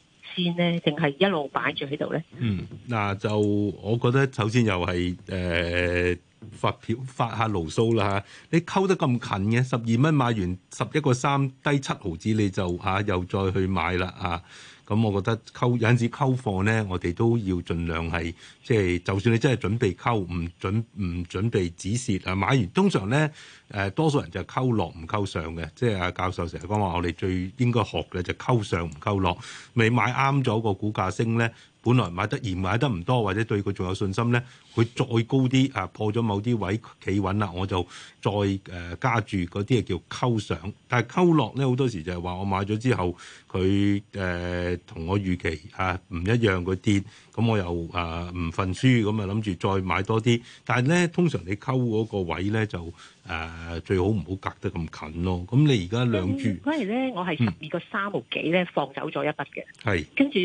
定係一路擺住喺度呢？嗯，嗱，就我覺得首先又係誒發票發下牢騷啦嚇，你溝得咁近嘅，十二蚊買完十一個三低七毫子你就嚇、啊、又再去買啦嚇。啊咁、嗯、我覺得溝有陣時溝貨咧，我哋都要儘量係即係，就算你真係準備溝，唔準唔準，準備止蝕啊！買完通常咧，誒、呃、多數人就係溝落唔溝上嘅，即係阿教授成日講話，我哋最應該學嘅就溝上唔溝落。未買啱咗個股價升咧，本來買得嫌買得唔多，或者對佢仲有信心咧。佢再高啲啊，破咗某啲位企穩啦，我就再誒、呃、加注。嗰啲，叫溝上。但係溝落咧，好多時就係話我買咗之後，佢誒同我預期啊唔一樣，佢跌，咁我又啊唔憤輸，咁啊諗住再買多啲。但係咧，通常你溝嗰個位咧，就、呃、誒最好唔好隔得咁近咯。咁你而家兩注，反日咧我係十二個三毫幾咧放走咗一筆嘅，係是跟住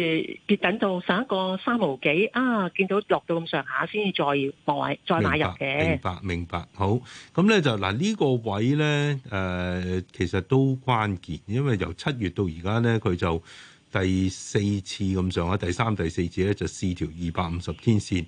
跌等到十一個三毫幾啊，見到落到咁上下先至。再買再買入嘅，明白明白，好，咁咧就，嗱呢個位咧誒、呃，其實都關鍵，因為由七月到而家咧，佢就第四次咁上下，第三、第四次咧就試條二百五十天線，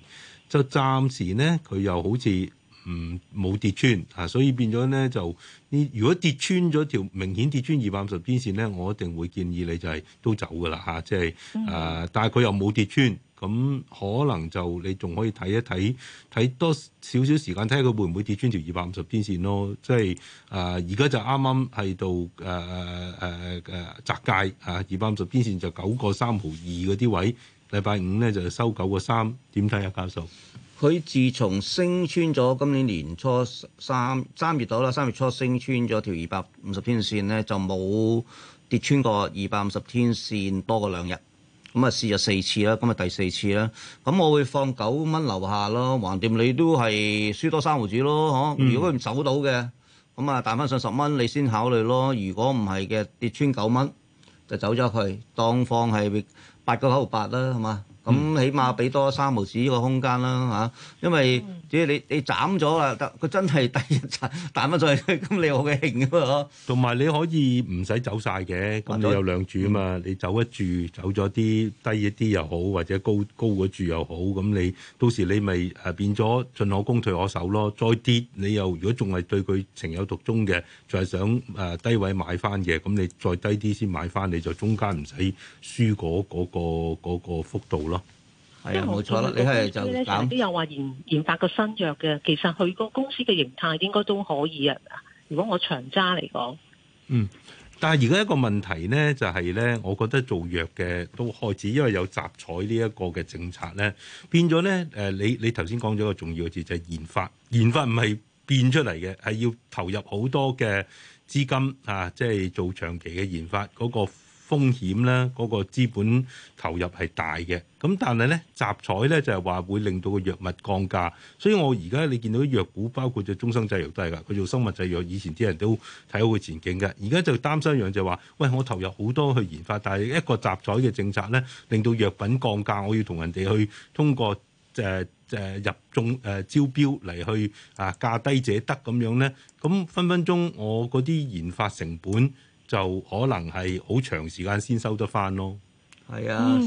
就暫時咧佢又好似唔冇跌穿啊，所以變咗咧就呢，如果跌穿咗條明顯跌穿二百五十天線咧，我一定會建議你就係都走㗎喇吓，即係誒，但係佢又冇跌穿。咁可能就你仲可以睇一睇睇多少少時間，睇下佢會唔會跌穿條二百五十天線咯，即係誒而家就啱啱係到誒誒誒誒窄界啊，二百五十天線，就九個三毫二嗰啲位，禮拜五咧就收九個三，點睇啊教授？佢自從升穿咗今年年初三三月度啦，三月初升穿咗條二百五十天線咧，就冇跌穿過二百五十天線多過兩日。咁啊試咗四次啦，咁啊第四次啦，咁我會放九蚊留下咯，橫掂你都係輸多三毫子咯，嚇！如果佢唔走到嘅，咁啊彈返上十蚊，你先考慮咯。如果唔係嘅，跌穿九蚊就走咗佢，當放係八個九毫八啦，係嘛？咁、嗯、起碼俾多三毫子呢個空間啦嚇、啊，因為只要你你斬咗啦，得佢真係低一層彈翻上去。咁你好嘅慶㗎嘛？同 埋 你可以唔使走晒嘅，咁你有兩注啊嘛，嗯、你走一注走咗啲低一啲又好，或者高高嗰注又好，咁你到時你咪誒變咗進可攻退可守咯。再跌你又如果仲係對佢情有獨鍾嘅，就係、係、想誒低位買翻嘅，咁你再低啲先買翻，你就中間唔使輸嗰嗰、嗰個嗰個嗰個幅度咯。冇、哎、錯啦，你係就搞有話研研發個新藥嘅，其實佢個公司嘅形態應該都可以啊。如果我長揸嚟講，嗯，但係而家一個問題咧，就係、是、咧，我覺得做藥嘅都開始，因為有集採呢一個嘅政策咧，變咗咧，誒，你你頭先講咗一個重要嘅字，就係、是、研發。研發唔係變出嚟嘅，係要投入好多嘅資金啊，即、就、係、是、做長期嘅研發嗰、那個。風險啦，嗰個資本投入係大嘅，咁但係咧，集採咧，就係話會令到個藥物降價，所以我而家你見到藥股包括隻中生製藥都係㗎，佢做生物製藥，以前啲人都睇好佢前景嘅，而家就擔心一樣就係話，喂我投入好多去研發，但係一個集採嘅政策咧，令到藥品降價，我要同人哋去通過誒誒、呃呃、入中誒、呃、招標嚟去啊價低者得咁樣咧，咁分分鐘我嗰啲研發成本。就可能係好長時間先收得翻咯，係啊，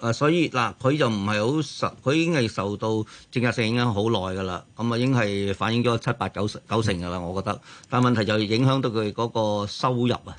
啊所以嗱，佢、啊、就唔係好受，佢已經係受到政策性影響好耐㗎啦，咁啊已經係反映咗七八九成、嗯、九成㗎啦，我覺得。但問題就影響到佢嗰個收入啊，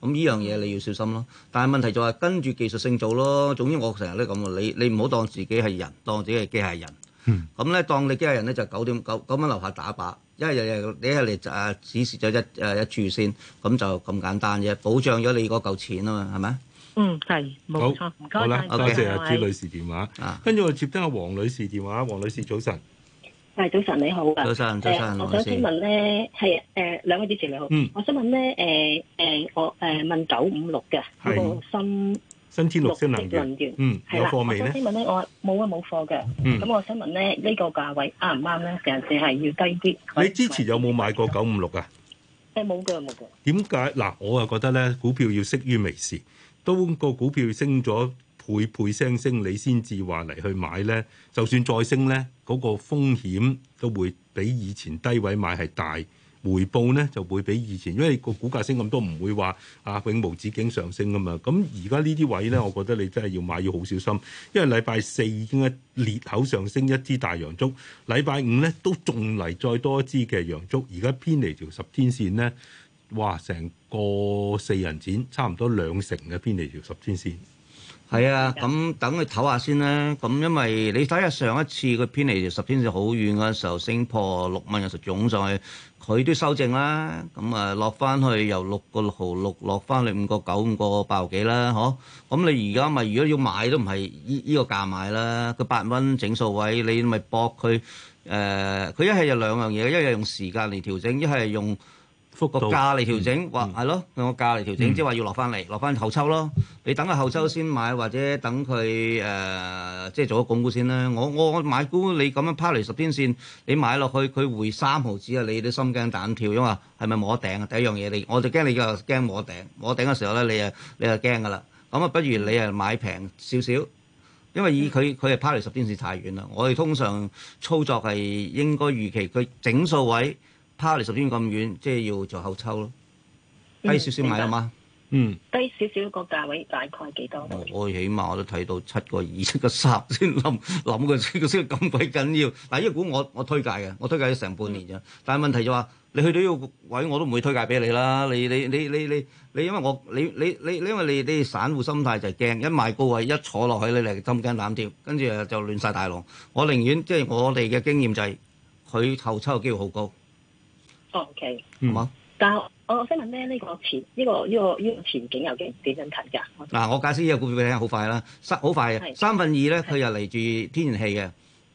咁呢樣嘢你要小心咯。但係問題就係跟住技術性做咯，總之我成日都咁話，你你唔好當自己係人，當自己係機械人，咁咧、嗯、當你機械人咧就九點九九蚊樓下打靶。因為日日你係嚟啊指示咗一誒、啊、一注先，咁就咁簡單嘅保障咗你嗰嚿錢啊嘛，係咪？嗯，係冇錯。好，唔該好啦吧，多謝阿朱女士電話。啊，跟住我接聽阿黃女士電話。黃女士早晨，係早晨你好。早晨，早晨，我想問咧，係誒兩位主持你好。嗯、呃。我想、呃、問咧，誒誒我誒問九五六嘅嗰個新。新天綠色能源啦，嗯，係啦，有貨未咧？我想問咧，我冇啊，冇貨嘅。嗯，咁我想問咧，呢個價位啱唔啱咧？成件事係要低啲。你之前有冇買過九五六啊？誒，冇嘅，冇嘅。點解？嗱，我啊覺得咧，股票要識於微時，當個股票升咗倍倍聲聲，你先至話嚟去買咧。就算再升咧，嗰個風險都會比以前低位買係大。回報咧就會比以前，因為個股價升咁多，唔會話啊永無止境上升㗎嘛。咁而家呢啲位咧，我覺得你真係要買要好小心，因為禮拜四已經係裂口上升一支大洋燭，禮拜五咧都仲嚟再多一支嘅洋燭。而家偏離條十天線咧，哇，成個四人展差唔多兩成嘅偏離條十天線。係啊，咁等佢唞下先啦。咁因為你睇下上一次佢偏離條十天線好遠嘅時候，升破六蚊嘅時候總上去。佢都修正啦，咁啊落翻去由六個六毫六落翻去五個九五個八毫幾啦，呵、嗯，咁你而家咪如果要買都唔係依依個價買啦，佢八蚊整數位你咪搏佢，誒、呃，佢一係有兩樣嘢，一係用時間嚟調整，一係用。幅個價嚟調整或係咯，個價嚟調整，即係話要落翻嚟，落翻、嗯、後抽咯。你等佢後抽先買，或者等佢誒、呃，即係做咗鞏固先啦。我我，我買股你咁樣拋離十天線，你買落去佢回三毫子啊！你都心驚膽跳，因為係咪摸頂？第一樣嘢你，我就驚你又驚摸頂，摸頂嘅時候咧，你誒你又驚噶啦。咁啊，不如你誒買平少少，因為以佢佢係拋離十天線太遠啦。我哋通常操作係應該預期佢整數位。差嚟十天咁遠，即係要做後抽咯，低少少買啊嘛。嗯，低少少個價位大概幾多？我我起碼我都睇到七個二，七個三先諗諗嘅先，個先咁鬼緊要。但係呢股我我推介嘅，我推介咗成半年啫。但係問題就話你去到呢個位，我都唔會推介俾你啦。你你你你你你因為我你你你因為你你散戶心態就係驚一賣高位一坐落去咧，就心驚膽跳，跟住就亂曬大籠。我寧願即係我哋嘅經驗就係佢後抽嘅機會好高。O.K. 好、mm hmm. 但係我想問咧呢、呢個前呢、呢個呢個呢個前景究竟點樣睇噶？嗱、okay. 啊，我解釋呢隻股票俾你聽，好快啦，三好快，快係三分二咧，佢又嚟住天然氣嘅，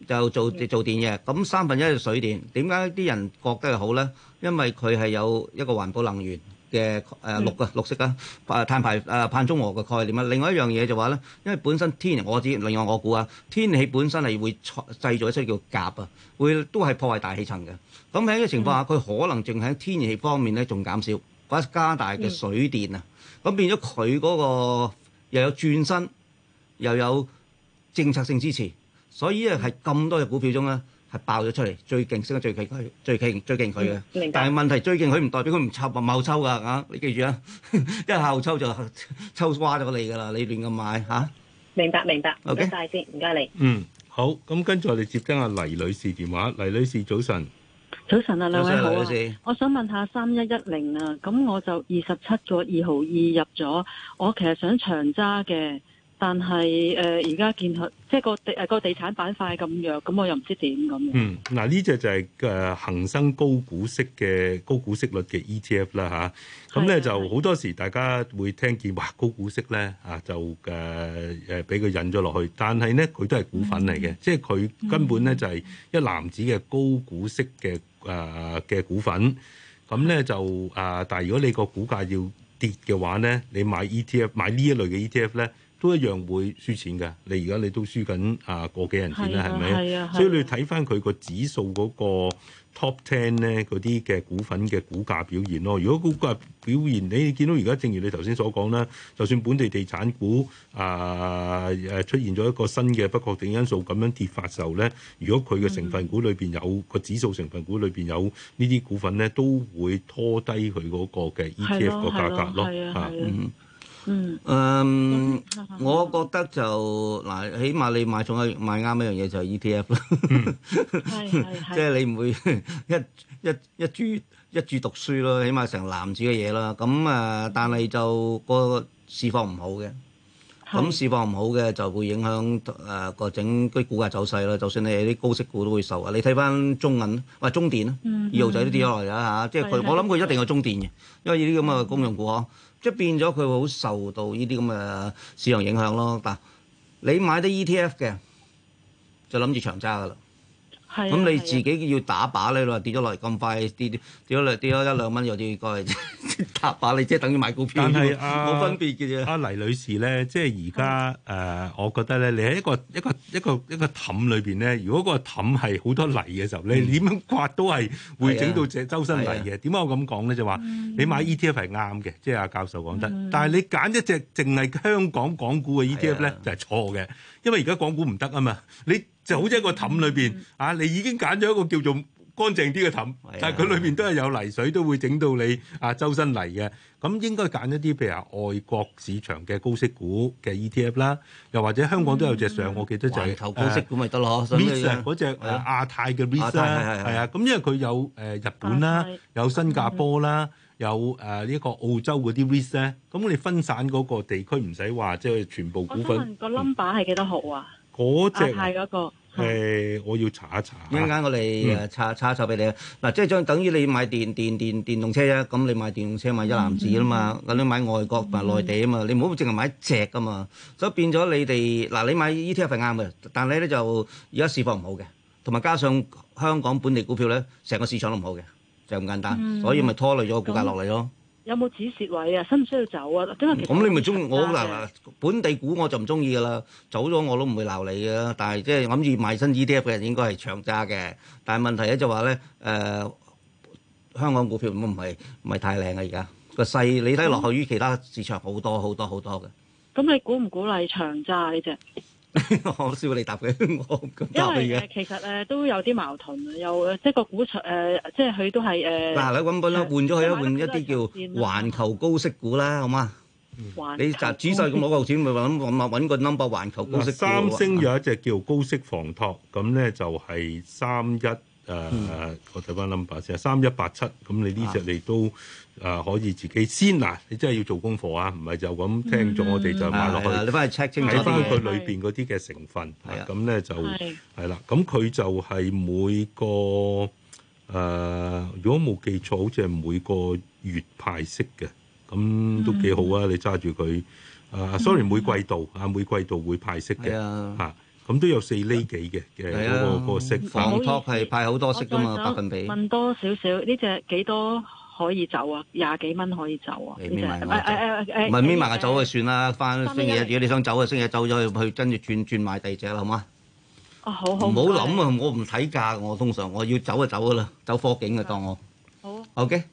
就做做電嘅，咁三分一係水電。點解啲人覺得係好咧？因為佢係有一個環保能源。嘅誒、呃、綠嘅綠色啊，碳排誒碳中和嘅概念啊，另外一樣嘢就話咧，因為本身天然，我知，另外我估啊，天然氣本身係會製造出叫甲啊，會都係破壞大氣層嘅。咁喺呢個情況下，佢的可能淨喺天然氣方面咧，仲減少，或者加大嘅水電啊，咁的變咗佢嗰個又有轉身，又有政策性支持，所以係咁多隻股票中咧，爆咗出嚟，最勁，升得最勁，佢最勁，最勁佢嘅。明白。但係問題，最勁佢唔代表佢唔抽，冇抽㗎吓，你記住啊！一後抽就抽瓜咗你㗎喇，你亂咁買嚇。明白，明白。OK，大先，唔該你。嗯，好。咁跟住我哋接聽阿黎女士電話。黎女士，早晨。早晨啊，兩位好啊。我想問下三一一零啊，咁我就二十七個二毫二入咗，我其實想長揸嘅。但係誒，而、呃、家見佢即係個地誒個地產板塊咁弱，咁我又唔知點咁樣。嗯，嗱呢隻就係、是、誒、呃、恆生高股息嘅高股息率嘅 ETF 啦、啊、吓，咁咧的就好多時，大家會聽見話高股息咧啊，就誒誒俾佢引咗落去。但係咧，佢都係股份嚟嘅，嗯、即係佢根本咧、嗯、就係一籃子嘅高股息嘅誒嘅股份。咁、啊、咧就啊，但係如果你個股價要跌嘅話咧，你買 ETF 買呢一類嘅 ETF 咧，都一樣會輸錢噶，你而家你都輸緊啊過幾人錢咧，係咪？所以你睇翻佢個指數嗰個 top ten 咧，嗰啲嘅股份嘅股價表現咯。如果股價表現，你見到而家正如你頭先所講啦，就算本地地產股啊誒出現咗一個新嘅不確定因素咁樣跌發後咧，如果佢嘅成分股裏邊有個的、嗯、指數成分股裏邊有呢啲股份咧，都會拖低佢嗰個嘅 ETF 個價格咯係啊嗯。的嗯，誒，我覺得就嗱，起碼你買仲係買啱一樣嘢就係 ETF 啦，即係你唔會一一一注一注讀書咯，起碼成籃子嘅嘢啦。咁啊，但係就個市況唔好嘅，咁市況唔好嘅就會影響誒個整啲股價走勢啦。就算你啲高息股都會受啊。你睇翻中銀或中電啊，二號仔都跌咗落嚟啦嚇，即係佢我諗佢一定有中電嘅，因為呢啲咁嘅公用股呵。即係變咗佢會好受到呢啲咁嘅市場影響咯。嗱，你買得 ETF 嘅，就諗住長揸噶啦。咁、嗯、你自己要打靶你落跌咗落嚟咁快跌跌咗落跌咗一兩蚊，又跌過去，打靶你即係等於買股票。但係冇分別嘅啫。阿、啊、黎女士咧，即係而家誒，我覺得咧，你喺一個一個一個一個氹裏邊咧，如果個氹係好多泥嘅時候，嗯、你點樣刮都係會整到隻周身泥嘅。點解我咁講咧？就話你買 ETF 係啱嘅，即係阿教授講得。的但係你揀一隻淨係香港港股嘅 ETF 咧，就係錯嘅，因為而家港股唔得啊嘛，你。就好似一個氹裏邊啊，嗯、你已經揀咗一個叫做乾淨啲嘅氹，唉呀 但係佢裏邊都係有泥水，都會整到你啊周身泥嘅。咁應該揀一啲譬如話外國市場嘅高息股嘅 ETF 啦，又或者香港都有隻相，嗯、我記得就係、是、投高息股咪得咯。嗰隻亞太嘅是啊，i s 係。係啊，咁因為佢有誒日本啦，有新加坡啦，有誒呢個澳洲嗰啲 risk 咧。咁你分散嗰個地區，唔使話即係全部股份。我想問個 number 係幾多號啊？嗰隻係嗰個誒，我要查一查。一陣間我哋誒查查一查俾你啊嗱，即係將等於你買電電電電動車啊，咁你買電動車買一籃子啊嘛，咁你買外國同埋內地啊嘛，你唔好淨係買一隻啊嘛，所以變咗你哋嗱，你買 ETF 係啱嘅，但係咧就而家市況唔好嘅，同埋加上香港本地股票咧，成個市場都唔好嘅，就咁簡單，所以咪拖累咗個股價落嚟咯。有冇止蝕位啊？需唔需要走啊？咁、嗯嗯、你咪中意我，嗱嗱本地股我就唔中意噶啦，走咗我都唔會鬧你嘅、啊。但係即係諗住買新 ETF 嘅人應該係長揸嘅。但係問題咧就話咧誒，香港股票唔唔係唔係太靚嘅而家個勢你睇、嗯、落後於其他市場好多好多好多嘅。咁、嗯、你鼓唔鼓勵長債啫？我笑你答嘅，我唔敢答嘅。因為誒，其實誒都有啲矛盾啊，又即係個股場誒，即係佢都係誒。嗱，你搵唔搵啦？換咗佢啦，換一啲叫環球高息股啦，好嘛？環球，你集仔細咁攞個錢咪諗諗搵個 number 環球高息股。三星有一隻叫高息房託，咁咧就係三一。誒誒，uh, 嗯、我睇翻 number 先，三一八七，咁你呢隻你都誒可以自己先嗱、啊，你真係要做功課啊，唔係就咁聽咗、嗯、我哋就買落去。你翻去 check 清楚，睇翻佢裏邊嗰啲嘅成分，咁咧的、啊、就係啦。咁佢的就係每個誒、啊，如果冇記錯，好似係每個月派息嘅，咁都幾好啊！嗯、你揸住佢誒，sorry，每季度啊，每季度會派息嘅嚇。啊咁都有四厘幾嘅，嘅嗰個個息，反 t 係派好多色噶嘛，百分比。問多少少？呢隻幾多可以走啊？廿幾蚊可以走啊？咪埋我走，唔係搣埋就走就算啦。翻星期一，如果你想走啊，星期一走咗去去跟住轉轉買第二隻啦，好嗎？啊，好好。唔好諗啊！我唔睇價，我通常我要走就走噶啦，走貨景嘅當我。好。O K。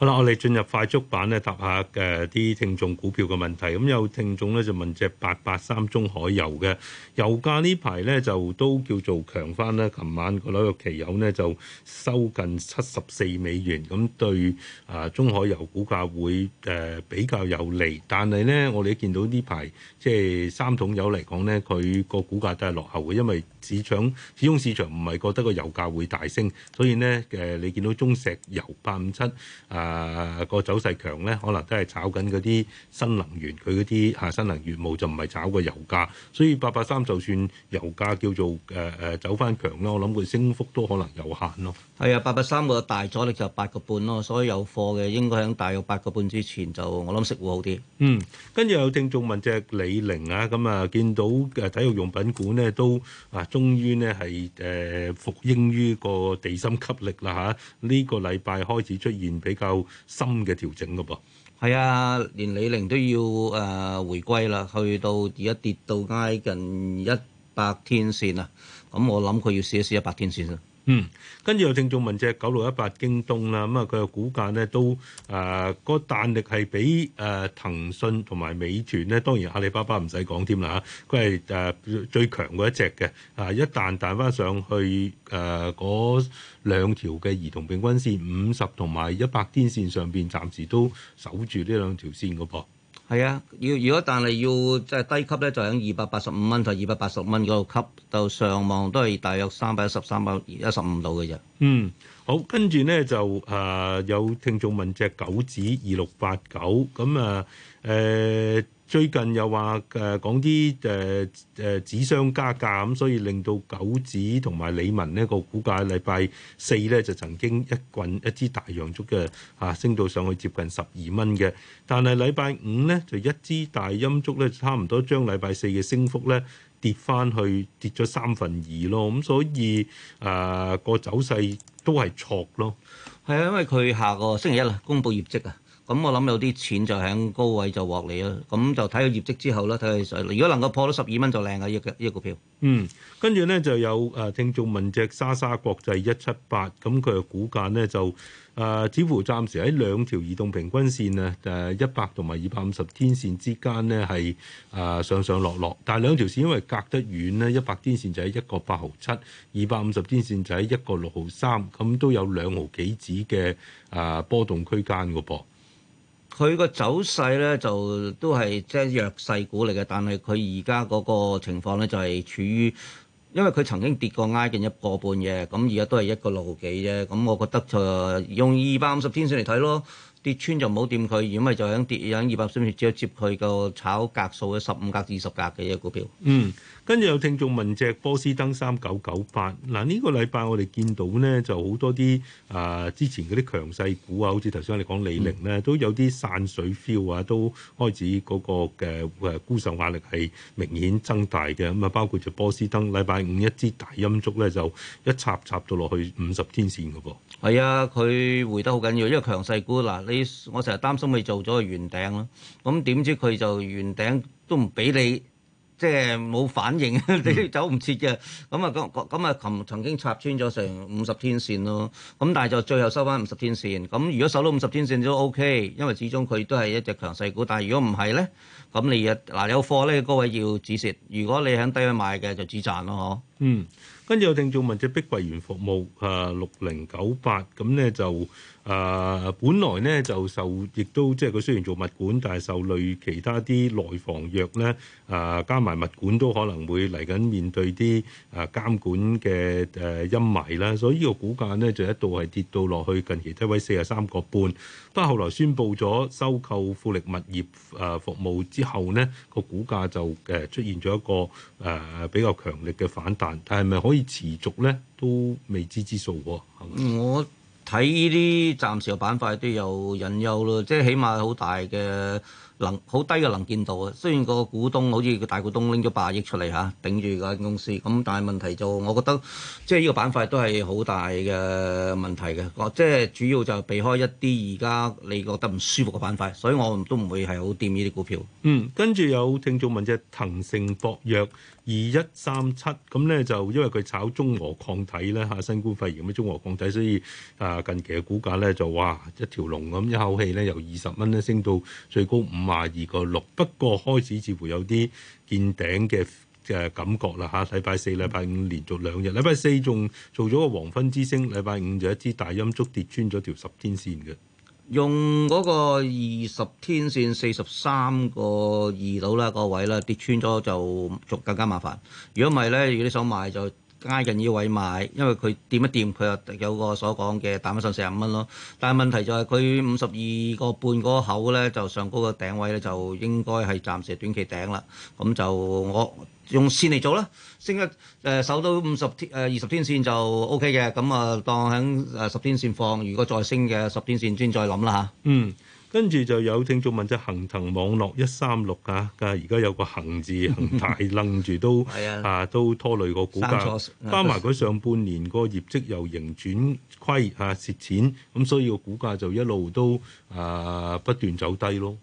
好啦，我哋進入快速版咧，答，答下誒啲、啊、聽眾股票嘅問題。咁、嗯、有聽眾咧就問隻八八三中海油嘅油價呢排咧就都叫做強返啦。琴晚個紐約期油咧就收近七十四美元，咁對啊中海油股價會誒、呃、比較有利。但係咧，我哋見到呢排即係三桶油嚟講咧，佢個股價都係落後嘅，因為。市場始終市場唔係覺得個油價會大升，所以呢，誒、呃，你見到中石油八五七啊，個走勢強呢，可能都係炒緊嗰啲新能源，佢嗰啲嚇新能源業務就唔係炒個油價，所以八八三就算油價叫做誒誒、呃、走翻強咯，我諗佢升幅都可能有限咯。係啊，八八三個大阻力就八個半咯，所以有貨嘅應該喺大約八個半之前就我諗食貨好啲。嗯，跟住有聽眾問隻李寧啊，咁啊見到誒、啊、體育用品股呢都啊。啊啊終於咧係誒服膺於個地心吸力啦嚇，呢、啊這個禮拜開始出現比較深嘅調整噶噃。係啊，連李寧都要誒、呃、回歸啦，去到而家跌到挨近一百天線啊！咁、嗯、我諗佢要試一試一百天線啫。嗯，跟住有聽眾問隻九六一八、京東啦，咁啊佢個股價咧都誒、呃那個彈力係比誒、呃、騰訊同埋美團咧，當然阿里巴巴唔使講添啦嚇，佢係誒最強嗰一隻嘅。啊，一旦彈彈翻上去誒嗰兩條嘅移動平均線五十同埋一百天線上邊，暫時都守住呢兩條線個噃。係啊，要如果但係要即係低級咧，就喺二百八十五蚊就二百八十蚊嗰個級到，上望都係大約三百一十三百一十五度嘅啫。嗯，好，跟住咧就誒、呃、有聽眾問隻九字二六八九，咁啊誒。呃呃最近又話誒、呃、講啲誒誒紙商加價咁，所以令到九紙同埋理文呢個股價，禮拜四咧就曾經一棍一支大陽燭嘅啊升到上去接近十二蚊嘅，但係禮拜五咧就一支大陰燭咧，差唔多將禮拜四嘅升幅咧跌翻去跌咗三分二咯，咁所以誒個、呃、走勢都係錯咯。係啊，因為佢下個星期一啊，公佈業績啊。咁我諗有啲錢就喺高位就獲利咯。咁就睇佢業績之後啦，睇佢如果能夠破到十二蚊就靚噶，一、這、一個票。嗯，跟住呢，就有誒聽眾問隻莎莎國際一七八，咁佢嘅股價呢，就誒似、呃、乎暫時喺兩條移動平均線啊，誒一百同埋二百五十天線之間呢，係誒、呃、上上落落，但係兩條線因為隔得遠呢，一百天線就喺一個八毫七，二百五十天線就喺一個六毫三，咁都有兩毫幾子嘅誒、呃、波動區間個噃。佢個走勢咧就都係即係弱勢股嚟嘅，但係佢而家嗰個情況咧就係處於，因為佢曾經跌過挨近一個半嘅，咁而家都係一個六幾啫，咁我覺得就、呃、用二百五十天線嚟睇咯，跌穿就唔好掂佢，如果咪就喺跌，喺二百五十天線只接佢個炒格數嘅十五格至二十格嘅股票。嗯。跟住有聽眾問隻波司登三九九八，嗱呢個禮拜我哋見到咧就好多啲啊、呃，之前嗰啲強勢股啊，好似頭先我哋講李寧咧，都、嗯、有啲散水 feel 啊，都開始嗰個嘅誒、呃、沽售壓力係明顯增大嘅，咁啊包括就波司登禮拜五一支大陰燭咧，就一插插到落去五十天線嘅噃。係啊，佢回得好緊要，因為強勢股嗱你，我成日擔心佢做咗個圓頂咯，咁點知佢就圓頂都唔俾你。即係冇反應， 你走唔切嘅，咁啊咁咁啊，曾曾經拆穿咗成五十天線咯，咁但係就最後收翻五十天線。咁如果守到五十天線都 OK，因為始終佢都係一隻強勢股。但係如果唔係咧，咁你啊嗱有貨咧，各位要止蝕。如果你喺低位買嘅就止賺咯，嗬。嗯，跟住有聽眾問隻碧桂園服務啊六零九八，咁咧就。誒、呃，本來咧就受，亦都即係佢雖然做物管，但係受累其他啲內房藥，咧，誒、呃、加埋物管都可能會嚟緊面對啲誒監管嘅誒陰霾啦。所以呢個股價咧，就一度係跌到落去近期低位四十三個半。不過後來宣布咗收購富力物業誒服務之後咧，個股價就誒出現咗一個誒、呃、比較強力嘅反彈。但係咪可以持續咧，都未知之數喎。我喺呢啲暫時嘅板塊都有隱憂咯，即係起碼好大嘅能好低嘅能見度啊。雖然個股東好似個大股東拎咗百億出嚟嚇，頂住間公司，咁但係問題就我覺得，即係呢個板塊都係好大嘅問題嘅。我即係主要就避開一啲而家你覺得唔舒服嘅板塊，所以我都唔會係好掂呢啲股票。嗯，跟住有聽眾問啫、就是、騰盛博藥。二一三七，咁咧就因為佢炒中俄抗體咧，嚇新冠肺炎嘅中俄抗體，所以啊近期嘅股價咧就哇一條龍咁一口氣咧由二十蚊咧升到最高五十二個六。不過開始似乎有啲見頂嘅嘅感覺啦嚇。禮拜四、禮拜五連續兩日，禮拜四仲做咗個黃昏之星，禮拜五就一支大陰燭跌穿咗條十天線嘅。用嗰個二十天線四十三個二度啦，個位啦跌穿咗就就更加麻煩。如果唔係咧，如果你想買就挨近呢位買，因為佢掂一掂佢又有個所講嘅彈得上四十五蚊咯。但係問題就係佢五十二個半嗰口咧，就上高個頂位咧，就應該係暫時短期頂啦。咁就我。用線嚟做啦，升一誒守到五十天誒二十天線就 O K 嘅，咁啊當喺誒十天線放，如果再升嘅十天線先再諗啦嚇。嗯，跟住就有聽眾問隻恆騰網絡一三六啊，而家有個恆字恒大楞住都啊都拖累個股價，加埋佢上半年個業績由盈轉虧嚇、啊、蝕錢，咁、啊、所以個股價就一路都啊不斷走低咯。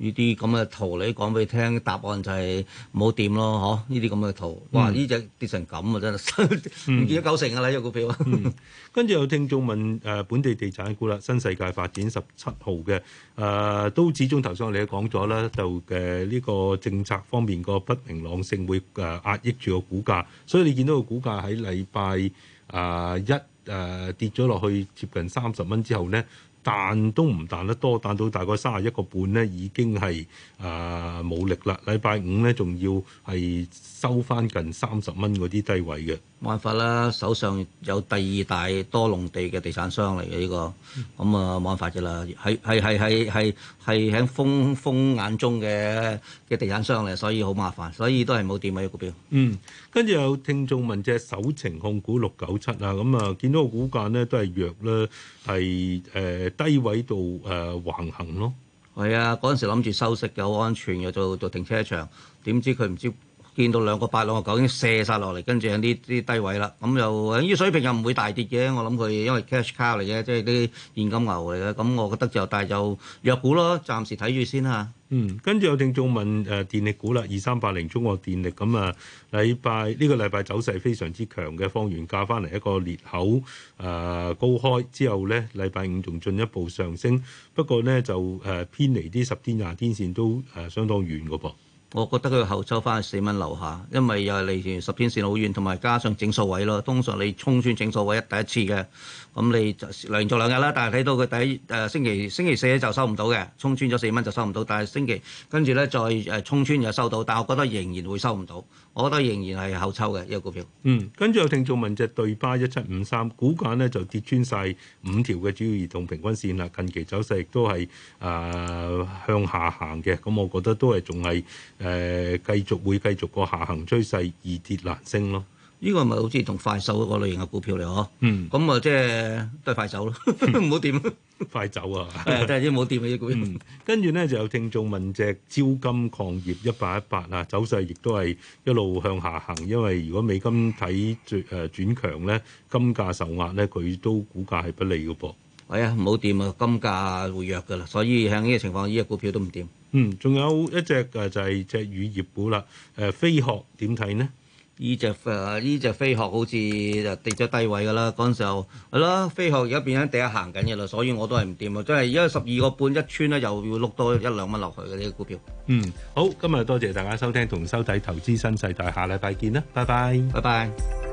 呢啲咁嘅圖你講俾佢聽，答案就係冇掂咯，嗬？呢啲咁嘅圖，嗯、哇！呢隻跌成咁啊，真係唔、嗯、 見咗九成㗎啦，有、呢個股票。 嗯、跟住有聽眾問誒、呃、本地地產股啦，新世界發展十七號嘅誒、呃，都始終頭先我哋講咗啦，就誒呢個政策方面個不明朗性會誒、呃、壓抑住個股價，所以你見到個股價喺禮拜啊一誒跌咗落去接近三十蚊之後咧。彈都唔彈得多，彈到大概三十一個半咧，已經係誒冇力啦。禮拜五咧，仲要係收翻近三十蚊嗰啲低位嘅，冇辦法啦。手上有第二大多龍地嘅地產商嚟嘅呢個，咁啊冇辦法嘅啦。喺係係係係係喺風風眼中嘅嘅地產商嚟，所以好麻煩，所以都係冇點嘅股票。嗯。跟住有聽眾問隻首程控股六九七啊，咁啊見到個股價咧都係弱咧，係誒、呃、低位度誒、呃、橫行咯。係啊，嗰陣時諗住收息嘅，好安全又做做停車場，點知佢唔知見到兩個八六個九已經射晒落嚟，跟住有啲啲低位啦。咁又啲水平又唔會大跌嘅，我諗佢因為 cash cow 嚟嘅，即係啲現金牛嚟嘅。咁我覺得就但係就弱股咯，暫時睇住先啊。嗯，跟住有聽眾問誒電力股啦，二三八零中國電力咁啊，禮拜呢、這個禮拜走勢非常之強嘅，放完假翻嚟一個裂口啊、呃、高開之後咧，禮拜五仲進一步上升，不過咧就誒、呃、偏離啲十天廿天線都誒、呃、相當遠個噃。我覺得佢後抽翻去四蚊樓下，因為又係離住十天線好遠，同埋加上整數位咯。通常你衝穿整數位一第一次嘅，咁你就連續兩日啦。但係睇到佢第一、呃、星期、呃、星期四咧就收唔到嘅，衝穿咗四蚊就收唔到。但係星期跟住咧再誒衝、呃、穿又收到，但我覺得仍然會收唔到。我覺得仍然係後抽嘅一、呢個股票。嗯，跟住有聽眾問隻對巴一七五三，股價咧就跌穿晒五條嘅主要移動平均線啦。近期走勢亦都係誒向下行嘅，咁我覺得都係仲係。誒繼、呃、續會繼續個下行趨勢，易跌難升咯。呢個咪好似同快手嗰個類型嘅股票嚟呵、啊？嗯。咁啊，即係都係快手咯，唔好掂。快走啊！係都啲冇掂嘅啲股。嗯。跟住咧，就有聽眾問隻招金礦業一八一八啊，走勢亦都係一路向下行，因為如果美金睇誒轉強咧，金價受壓咧，佢都股價係不利嘅噃。係啊，唔好掂啊，金價會弱㗎啦，所以喺呢個情況，呢、這個股票都唔掂。嗯，仲有一隻誒就係隻乳業股啦，誒、呃、飛鶴點睇呢？呢隻誒呢隻飛鶴好似就跌咗低位噶啦，嗰陣時候係啦、嗯，飛鶴而家變咗地下行緊嘅啦，所以我都係唔掂啊，即係因為十二個半一穿咧又要碌多一兩蚊落去嘅呢個股票。嗯，好，今日多謝大家收聽同收睇《投資新世代》，下禮拜見啦，拜拜，拜拜。